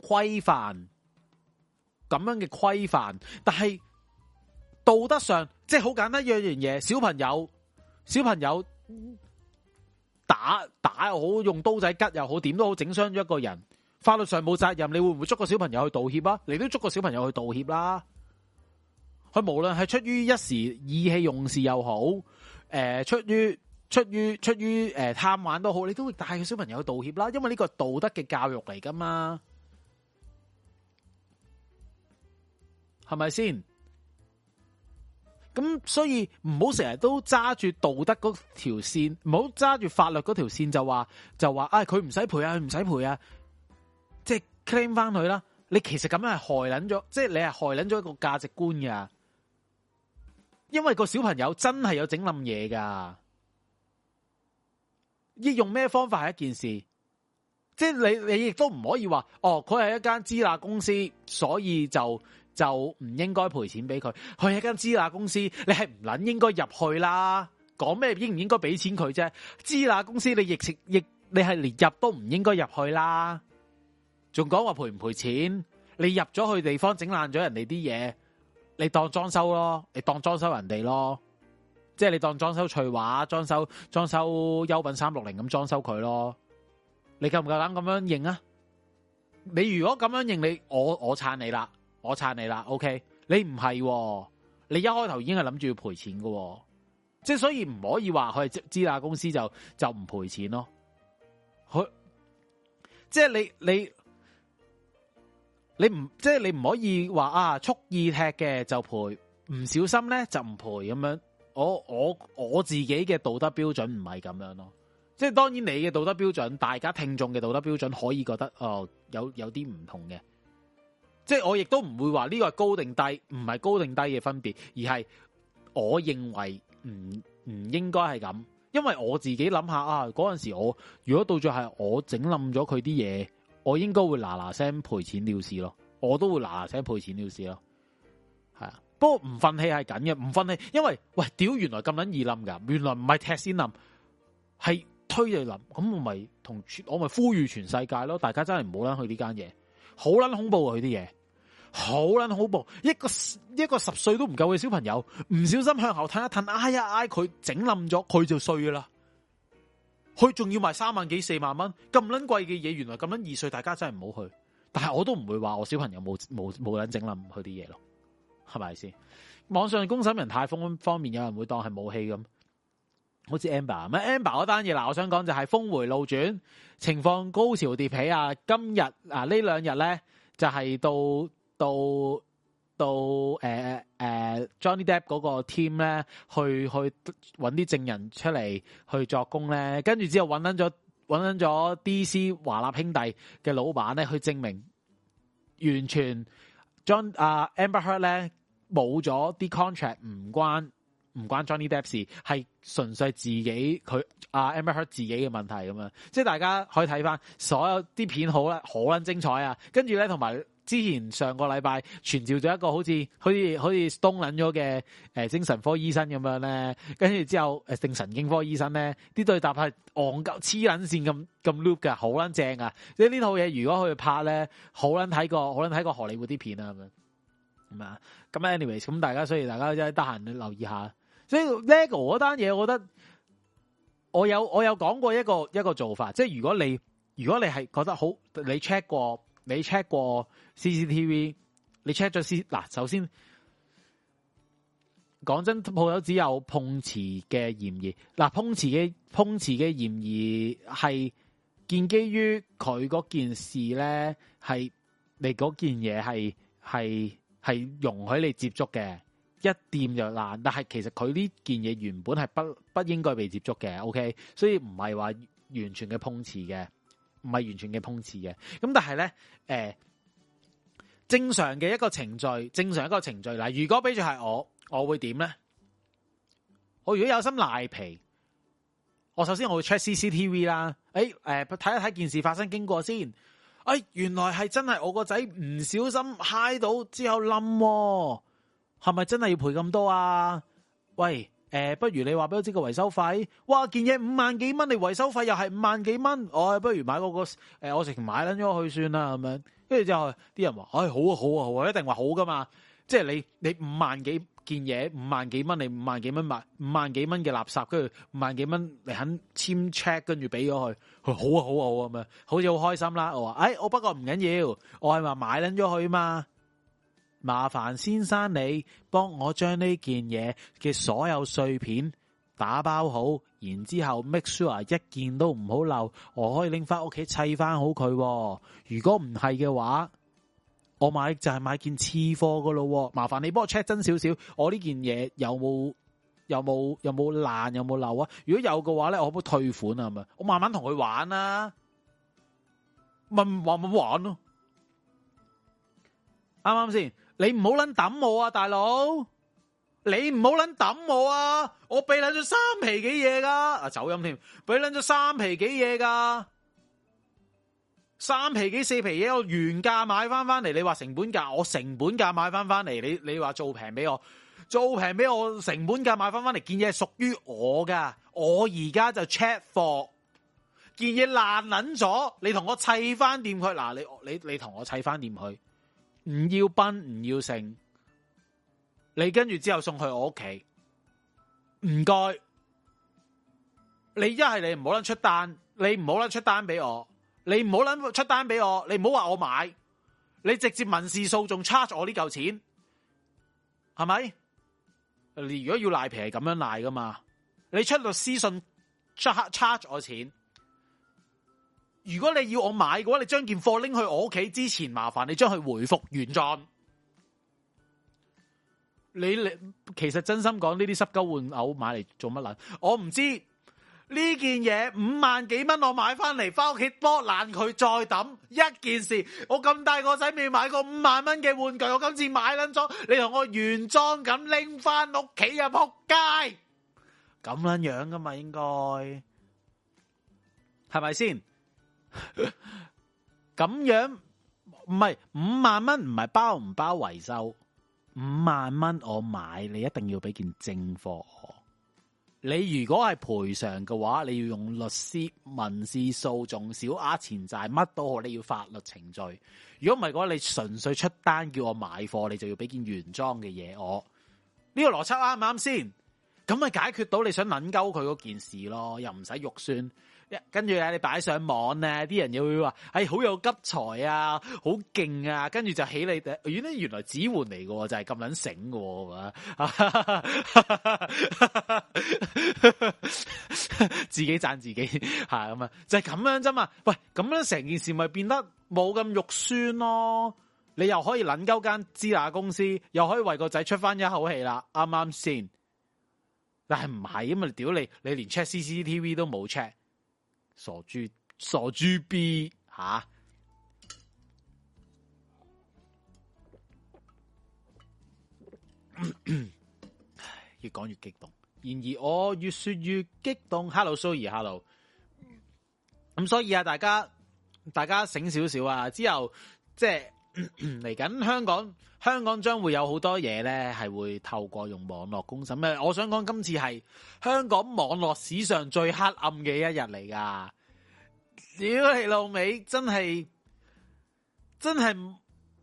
規範，咁樣嘅規範。但係道德上，即係好簡單一樣嘢，小朋友，小朋友打打又好，用刀仔拮又好，點都好，整傷咗一個人，法律上冇責任，你會唔會捉個小朋友去道歉啊？你都捉個小朋友去道歉啦、啊。佢無論係出於一時意氣用事又好，誒，出於出於出於誒貪玩都好，你都會帶佢小朋友道歉啦，因為呢個道德嘅教育嚟噶嘛，係咪先？咁所以唔好成日都揸住道德嗰條線，唔好揸住法律嗰條線就話就話啊，佢唔使賠啊，佢唔使賠啊，即係 claim 翻佢啦。你其實咁樣係害捻咗，即係你係害捻咗一個價值觀噶。因為個小朋友真係有整冧嘢㗎，要用咩方法係一件事，即係你你亦都唔可以話哦，佢係一間支那公司，所以就就唔應該賠錢俾佢。佢係一間支那公司，你係唔撚應該入去啦。講咩應唔應該俾錢佢啫？支那公司你亦係，你係連入都唔應該入去啦。仲講話賠唔賠錢？你入咗去地方，整爛咗人哋啲嘢。你當裝修咯，你當裝修人哋咯，即係你當裝修翠華、裝修裝修優品三六零咁裝修佢咯。你夠唔夠膽咁樣認啊？你如果咁樣認，你我我撐你啦，我撐你啦。OK，你唔係、OK？你一開頭已經係諗住要賠錢噶，即係所以唔可以話佢係支那公司就就唔賠錢咯。佢即係你你。你你唔即係你唔可以話啊，蓄意踢嘅就賠，唔小心呢就唔賠咁樣。我我我自己嘅道德標準唔係咁樣咯。即係當然你嘅道德標準，大家聽眾嘅道德標準可以覺得哦、呃、有有啲唔同嘅。即係我亦都唔會話呢個係高定低，唔係高定低嘅分別，而係我認為唔唔應該係咁。因為我自己諗下啊，嗰陣時我如果到最係我整冧咗佢啲嘢。我應該會嗱嗱聲賠錢了事咯，我都會嗱嗱聲賠錢了事咯，係啊。不過唔忿氣係緊嘅，唔忿氣，因為喂屌原，原來咁捻易冧噶，原來唔係踢先冧，係推就冧。咁我咪同我咪呼籲全世界咯，大家真係唔好啦去呢間嘢，好捻恐怖啊！佢啲嘢，好捻恐怖。一個一個十歲都唔夠嘅小朋友，唔小心向後褪一褪，挨一挨佢整冧咗，佢就碎啦。佢仲要賣三萬幾四萬蚊咁撚貴嘅嘢，原來咁撚易碎，大家真係唔好去。但係我都唔會話我小朋友冇冇冇撚整啦，唔去啲嘢咯，係咪先？網上公審人太風方面，有人會當係武器咁，好似 Amber 咪 Amber 嗰單嘢嗱，我想講就係峰回路轉，情況高潮迭起啊！今日啊呢兩日咧就係到到。到誒誒、呃呃、Johnny Depp 嗰個 team 咧，去去揾啲證人出嚟去作供咧，跟住之後揾緊咗揾緊咗 DC 華納兄弟嘅老闆咧，去證明完全將阿 Amber Heard 咧冇咗啲 contract，唔關唔關 Johnny Depp 事，係純粹自己佢阿 Amber Heard 自己嘅問題咁樣，即係大家可以睇翻所有啲片好啦，好撚精彩啊！跟住咧，同埋。之前上個禮拜傳召咗一個好似好似好似 stone 捻咗嘅誒精神科醫生咁樣咧，跟住之後誒定神經科醫生咧，啲對答係戇鳩黐捻線咁咁 loop 噶，好捻正啊，即係呢套嘢如果佢去拍咧，好捻睇過，好捻睇過荷里活啲片啊，係咪？係嘛？咁 anyways，咁大家所以大家真係得閒留意一下，所以 legal 嗰單嘢，我覺得我有我有講過一個一個做法，即係如果你如果你係覺得好，你 check 過。你 check 過 CCTV，你 check 咗 C，嗱，首先講真，鋪頭只有碰瓷嘅嫌疑。嗱，碰瓷嘅碰瓷嘅嫌疑係建基於佢嗰件事咧，係你嗰件嘢係係係容許你接觸嘅，一掂就爛。但係其實佢呢件嘢原本係不不應該被接觸嘅。OK，所以唔係話完全嘅碰瓷嘅。唔係完全嘅碰瓷嘅，咁但係咧，誒，正常嘅一個程序，正常一個程序，嗱，如果俾住係我，我會點咧？我如果有心賴皮，我首先我會 check CCTV 啦，誒，誒，睇一睇件事發生經過先，誒，原來係真係我個仔唔小心嗨到之後冧啊，係咪真係要賠咁多啊？喂！誒、呃，不如你話俾我知個維修費，哇，件嘢五萬幾蚊，你維修費又係五萬幾蚊，我、哎、不如買我、那個誒、呃，我直情買捻咗去算啦咁樣，跟住之後啲人話，唉、哎，好啊，好啊，好啊，一定話好噶嘛，即係你你五萬幾件嘢，五萬幾蚊，你五萬幾蚊買五萬幾蚊嘅垃圾，跟住五萬幾蚊你肯簽 check，跟住俾咗佢，佢好啊，好啊，好啊咁樣，好似好開心啦、啊，我話，哎，我不過唔緊要，我係話買捻咗去嘛。麻煩先生，你幫我將呢件嘢嘅所有碎片打包好，然之後 make sure 一件都唔好漏，我可以拎翻屋企砌翻好佢。如果唔係嘅話，我買就係買件次貨噶咯。麻煩你幫我 check 真少少，我呢件嘢有冇有冇有冇爛有冇漏啊？如果有嘅話咧，我可唔可以退款啊？咪我慢慢同佢玩啦，咪玩咪玩咯，啱啱先？你唔好捻抌我啊，大佬！你唔好捻抌我啊！我俾捻咗三皮幾嘢噶，啊走音添！俾捻咗三皮幾嘢噶，三皮幾四皮嘢，我原價買翻翻嚟。你話成本價，我成本價買翻翻嚟。你你話做平俾我，做平俾我成本價買翻翻嚟。件嘢係屬於我噶，我而家就 check 貨，件嘢爛捻咗，你同我砌翻掂佢。嗱，你你你同我砌翻掂佢。唔要奔，唔要剩，你跟住之後送去我屋企，唔該。你一係你唔好諗出單，你唔好諗出單俾我，你唔好諗出單俾我，你唔好話我買，你直接民事訴訟 charge 我呢嚿錢，係咪？你如果要賴皮係咁樣賴噶嘛？你出律師信差 h charge, charge 我錢。如果你要我買嘅話，你將件貨拎去我屋企之前，麻煩你將佢回復原狀。你，你其實真心講呢啲濕鳩玩偶買嚟做乜捻？我唔知呢件嘢五萬幾蚊我買翻嚟翻屋企剝爛佢再抌一件事。我咁大個仔未買過五萬蚊嘅玩具，我今次買緊咗，你同我原裝咁拎翻屋企入撲街，咁樣樣噶嘛？應該係咪先？咁 樣唔係五萬蚊，唔係包唔包維修？五萬蚊我買，你一定要俾件正貨。你如果係賠償嘅話，你要用律師民事訴訟、小額錢債，乜都好，你要法律程序。如果唔係嘅話，你純粹出單叫我買貨，你就要俾件原裝嘅嘢我。呢個邏輯啱唔啱先？咁咪解決到你想捻鳩佢嗰件事咯，又唔使肉酸。跟住咧，你擺上網咧，啲人又會話，哎，好有急才啊，好勁啊！跟住就起你原來原來紙換嚟嘅，就係咁捻醒嘅， 自己讚自己吓咁啊， 就係咁樣啫嘛。喂，咁樣成件事咪變得冇咁肉酸咯？你又可以捻鳩間支那公司，又可以為個仔出翻一口氣啦，啱啱先？但係唔係因為，屌你，你連 check C C T V 都冇 check。傻豬，傻豬 B 吓、啊， 越講越激動。然而我越說越激動。Hello，Sorry，Hello。咁所以啊，大家大家醒少少啊，之後即係嚟緊香港。香港將會有好多嘢咧，係會透過用網絡公審。咩？我想講今次係香港網絡史上最黑暗嘅一日嚟㗎。屌你老味，真係真係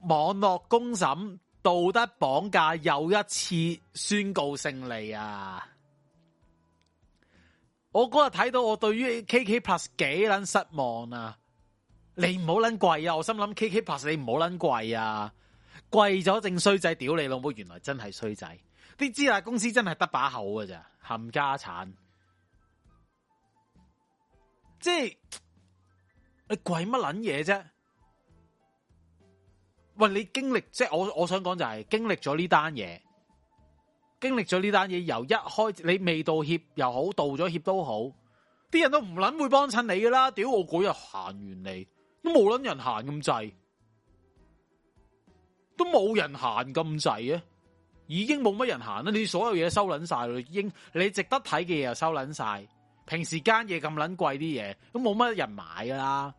網絡公審道德綁架又一次宣告勝利啊！我嗰日睇到我對於 KK Plus 幾撚失望啊！你唔好撚貴啊！我心諗 KK Plus 你唔好撚貴啊！跪咗正衰仔，屌你老母！原來真係衰仔，啲資大公司真係得把口噶咋，冚家產。即係你跪乜撚嘢啫？喂，你經歷即係我我想講就係經歷咗呢單嘢，經歷咗呢單嘢，由一開始你未道歉又好，道咗歉都好，啲人都唔撚會幫襯你噶啦，屌我嗰日行完你都冇撚人行咁滯，都冇人行咁滯啊！已經冇乜人行啦，你所有嘢收捻晒啦，你值得睇嘅嘢又收捻晒，平時間嘢咁捻貴啲嘢，都冇乜人買噶啦。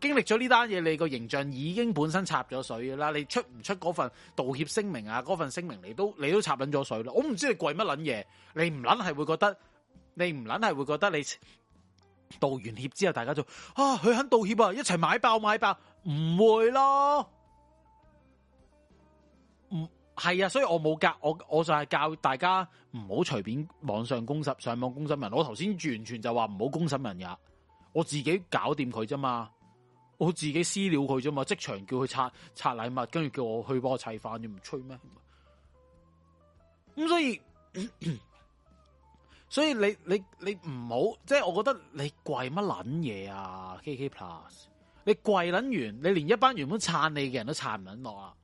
經歷咗呢單嘢，你個形象已經本身插咗水噶啦。你出唔出嗰份道歉聲明啊？嗰份聲明你都你都插捻咗水啦。我唔知你貴乜捻嘢，你唔捻係會覺得，你唔捻係會覺得你道完歉之後，大家就啊，佢肯道歉啊，一齊買爆買爆，唔會咯。係啊，所以我冇教我，我就係教大家唔好隨便網上公審，上網公審人。我頭先完全就話唔好公審人㗎，我自己搞掂佢啫嘛，我自己私了佢啫嘛。即場叫佢拆拆禮物，跟住叫我去幫我砌飯，你唔吹咩？咁所以，所以你你你唔好，即係我覺得你跪乜撚嘢啊？K K Plus，你跪撚完，你連一班原本撐你嘅人都撐唔撚落啊！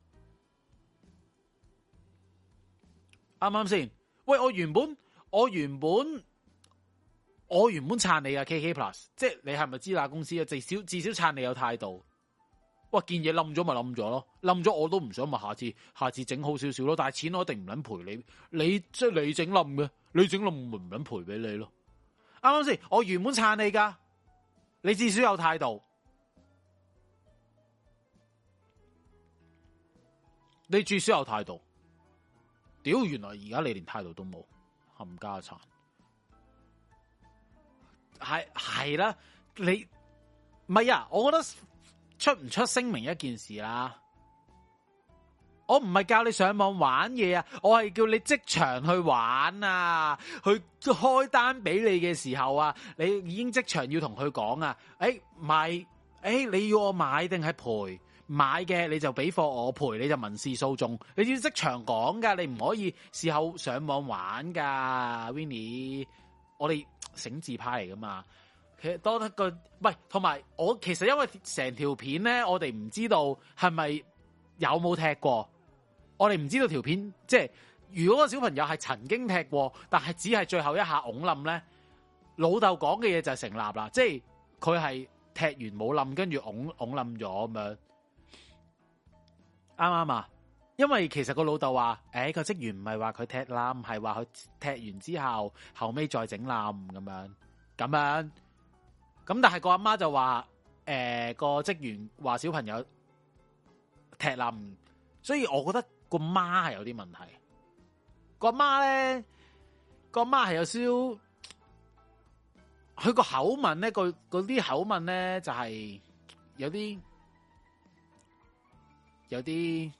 啱啱先？喂，我原本我原本我原本撐你啊，KK Plus，即係你係咪支那公司啊？至少至少撐你有態度。喂，件嘢冧咗咪冧咗咯，冧咗我都唔想。咪下次下次整好少少咯。但係錢我一定唔捻賠你，你即係、就是、你整冧嘅，你整冧咪唔捻賠俾你咯。啱啱先？我原本撐你噶，你至少有態度，你至少有態度。屌，原來而家你連態度都冇，冚家鏟，係係啦，你咪啊，我覺得出唔出聲明一件事啦，我唔係教你上網玩嘢啊，我係叫你即場去玩啊，去開單俾你嘅時候啊，你已經即場要同佢講啊，誒、哎，買，誒、哎，你要我買定係賠？買嘅你就俾貨我賠，你就民事訴訟。你要即場講噶，你唔可以事後上網玩噶。Winnie，我哋醒字派嚟噶嘛？其實多得個唔係，同埋我其實因為成條片咧，我哋唔知道係咪有冇踢過，我哋唔知道條片即係，如果個小朋友係曾經踢過，但係只係最後一下拱冧咧，老豆講嘅嘢就係成立啦。即係佢係踢完冇冧，跟住拱㧬冧咗咁樣。啱啱啊！因為其實個老豆話，誒、哎、個職員唔係話佢踢冧，係話佢踢完之後，後尾再整冧咁樣，咁樣，咁但係個阿媽，媽就話，誒、呃、個職員話小朋友踢冧，所以我覺得個媽係有啲問題。個媽咧，個媽係有少，佢個口吻咧，佢啲口吻咧就係有啲。有啲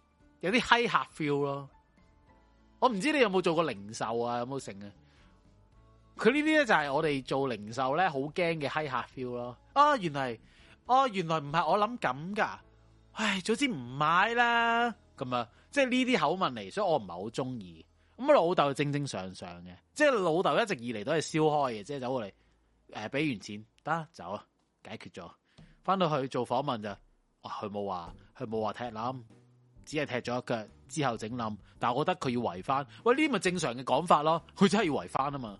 有啲嗨客 feel 咯，我唔知你有冇做過零售啊，有冇成啊？佢呢啲咧就係我哋做零售咧好驚嘅嗨客 feel 咯。啊，原來哦，原來唔係我諗噉㗎，唉，早知唔買啦。咁啊，即係呢啲口吻嚟，所以我唔係好中意。咁啊，老豆正正常常嘅，即係老豆一直以嚟都係燒開嘅，即係走過嚟誒，俾完錢得走啊，解決咗，返到去做訪問就。佢冇話，佢冇話踢冧，只係踢咗一腳之後整冧。但係我覺得佢要圍翻，喂呢咪正常嘅講法咯。佢真係要圍翻啊嘛。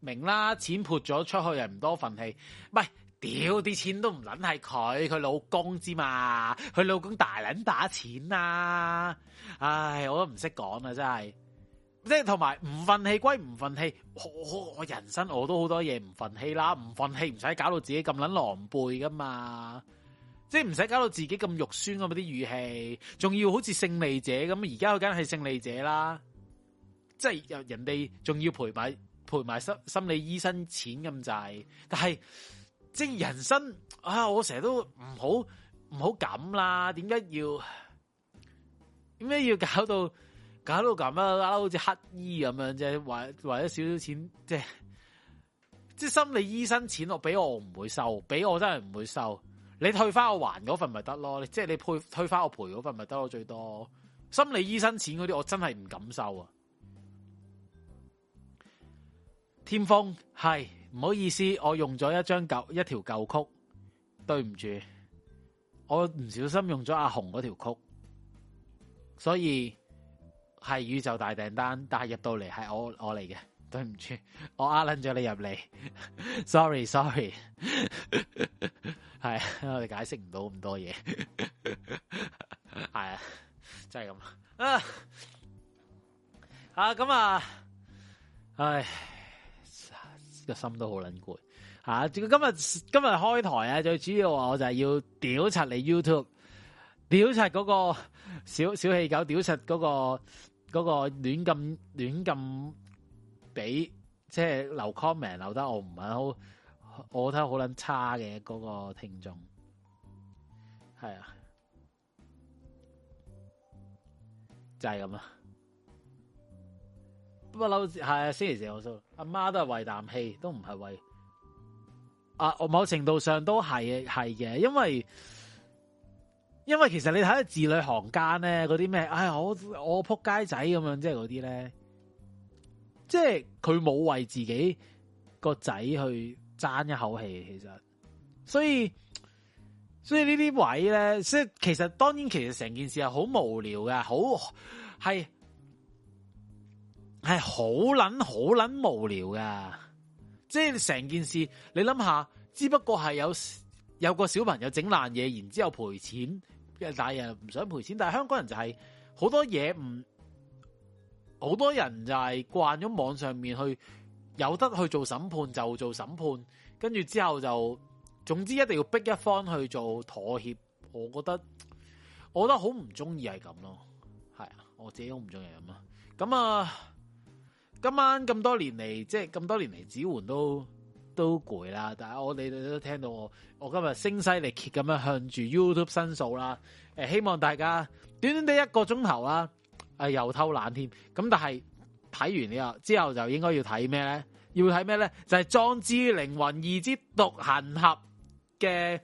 明啦，錢潑咗出去又唔多份氣，喂，屌啲錢都唔撚係佢，佢老公之嘛，佢老公大撚打錢啊！唉，我都唔識講啦真係。即係同埋唔憤氣，歸唔憤氣。我人生我都好多嘢唔憤氣啦，唔憤氣唔使搞到自己咁撚狼狽噶嘛。即係唔使搞到自己咁肉酸咁啲語氣，仲要好似勝利者咁。而家佢梗係勝利者啦。即係人人哋仲要賠埋賠埋心心理醫生錢咁滯，但係即係人生啊！我成日都唔好唔好咁啦。點解要點解要搞到？搞到咁啊！搞到好似乞衣咁樣啫，或或者少少錢，即係即係心理醫生錢，我俾我唔會收，俾我真係唔會收。你退翻我還嗰份咪得咯？即係你賠退翻我賠嗰份咪得咯？最多心理醫生錢嗰啲，我真係唔敢收啊！天風係唔好意思，我用咗一張舊一條舊曲，對唔住，我唔小心用咗阿紅嗰條曲，所以。係宇宙大訂單，但係入到嚟係我我嚟嘅，對唔住，我拉捻咗你入嚟 ，sorry sorry，係 我哋解釋唔到咁多嘢，係啊，真係咁啊，啊咁啊，唉、哎、個心都好捻攰吓，今日今日開台啊，最主要話我就係要屌柒你 YouTube，屌柒嗰個小小氣狗，屌柒嗰個。嗰個亂咁亂咁俾即係留 comment 留得我唔係好，我睇好撚差嘅嗰、那個聽眾，係啊，就係、是、咁啊。不嬲，係啊，星期四我輸，阿媽都係為啖氣，都唔係為啊，我某程度上都係嘅，係嘅，因為。因為其實你睇下字裏行間咧，嗰啲咩，唉、哎，我我撲街仔咁樣，即係嗰啲咧，即係佢冇為自己個仔去爭一口氣，其實，所以，所以這些位置呢啲位咧，即係其實，當然，其實成件事係好無聊噶，好係係好捻好捻無聊噶，即係成件事，你諗下，只不過係有。有個小朋友整爛嘢，然之後賠錢，大人唔想賠錢，但係香港人就係好多嘢唔，好多人就係慣咗網上面去有得去做審判就做審判，跟住之後就總之一定要逼一方去做妥協，我覺得，我覺得好唔中意係咁咯，係啊，我自己都唔中意咁啊，咁啊，今晚咁多年嚟，即係咁多年嚟，指援都。都攰啦，但係我你哋都聽到我，我今日聲嘶力竭咁樣向住 YouTube 申訴啦，誒、呃，希望大家短短地一個鐘頭啦，又偷懶添，咁但係睇完呢後之後就應該要睇咩咧？要睇咩咧？就係、是、壯志凌雲二之獨行俠嘅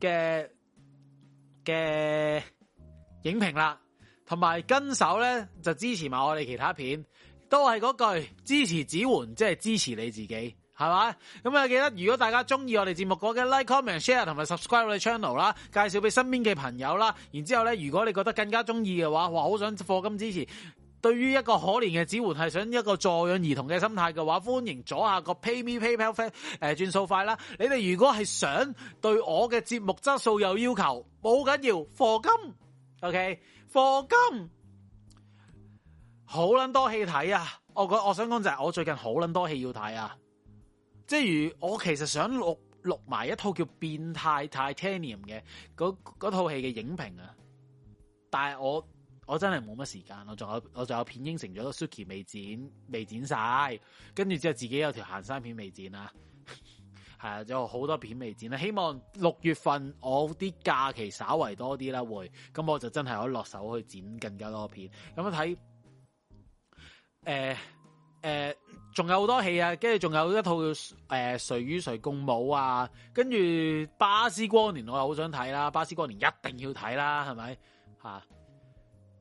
嘅嘅影評啦，同埋跟手咧就支持埋我哋其他片，都係嗰句支持指桓，即、就、係、是、支持你自己。係嘛？咁啊，記得如果大家中意我哋節目，嗰嘅 like、comment、share 同埋 subscribe 我哋 channel 啦，介紹俾身邊嘅朋友啦。然之後咧，如果你覺得更加中意嘅話，話好想課金支持，對於一個可憐嘅指煥係想一個助養兒童嘅心態嘅話，歡迎左下角 PayMe PayPal 誒、呃、轉數快啦。你哋如果係想對我嘅節目質素有要求，冇緊要，課金，OK，課金，好、OK？捻多戲睇啊！我我想講就係我最近好捻多戲要睇啊！即係如我其實想錄錄埋一套叫變態《變態 Titanium》嘅嗰嗰套戲嘅影評啊，但係我我真係冇乜時間，我仲有我仲有片應承咗 Suki 未剪未剪晒，跟住之後自己有條行山片未剪啦，係啊，仲有好多片未剪啦。希望六月份我啲假期稍為多啲啦，會咁我就真係可以落手去剪更加多一片咁樣睇，誒。呃，誒，仲有好多戲啊，跟住仲有一套誒《誰與誰共舞》啊，跟住《巴斯光年》我又好想睇啦，《巴斯光年》一定要睇啦，係咪吓？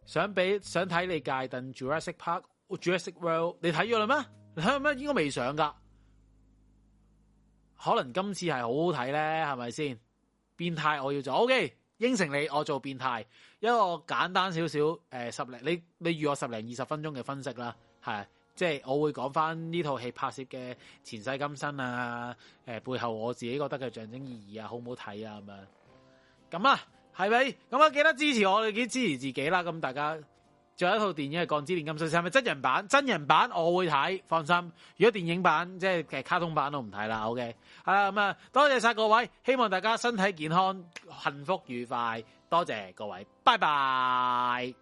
想俾想睇你《怪盾 Jurassic Park》，Jurassic World 你睇咗啦咩？你睇咩？應該未上噶，可能今次係好好睇咧，係咪先？變態我要做，OK，應承你，我做變態一個簡單少少誒十零你你預我十零二十分鐘嘅分析啦，係。即係我會講翻呢套戲拍攝嘅前世今生啊，誒、呃、背後我自己覺得嘅象徵意義啊，好唔好睇啊咁樣啊。咁啊係咪？咁啊記得支持我，你記得支持自己啦。咁大家仲有一套電影係《鋼之煉金術師》，係咪真人版？真人版我會睇，放心。如果電影版，即係卡通版，都唔睇啦。OK，係啦。咁啊，多謝晒各位，希望大家身體健康、幸福愉快。多謝各位，拜拜。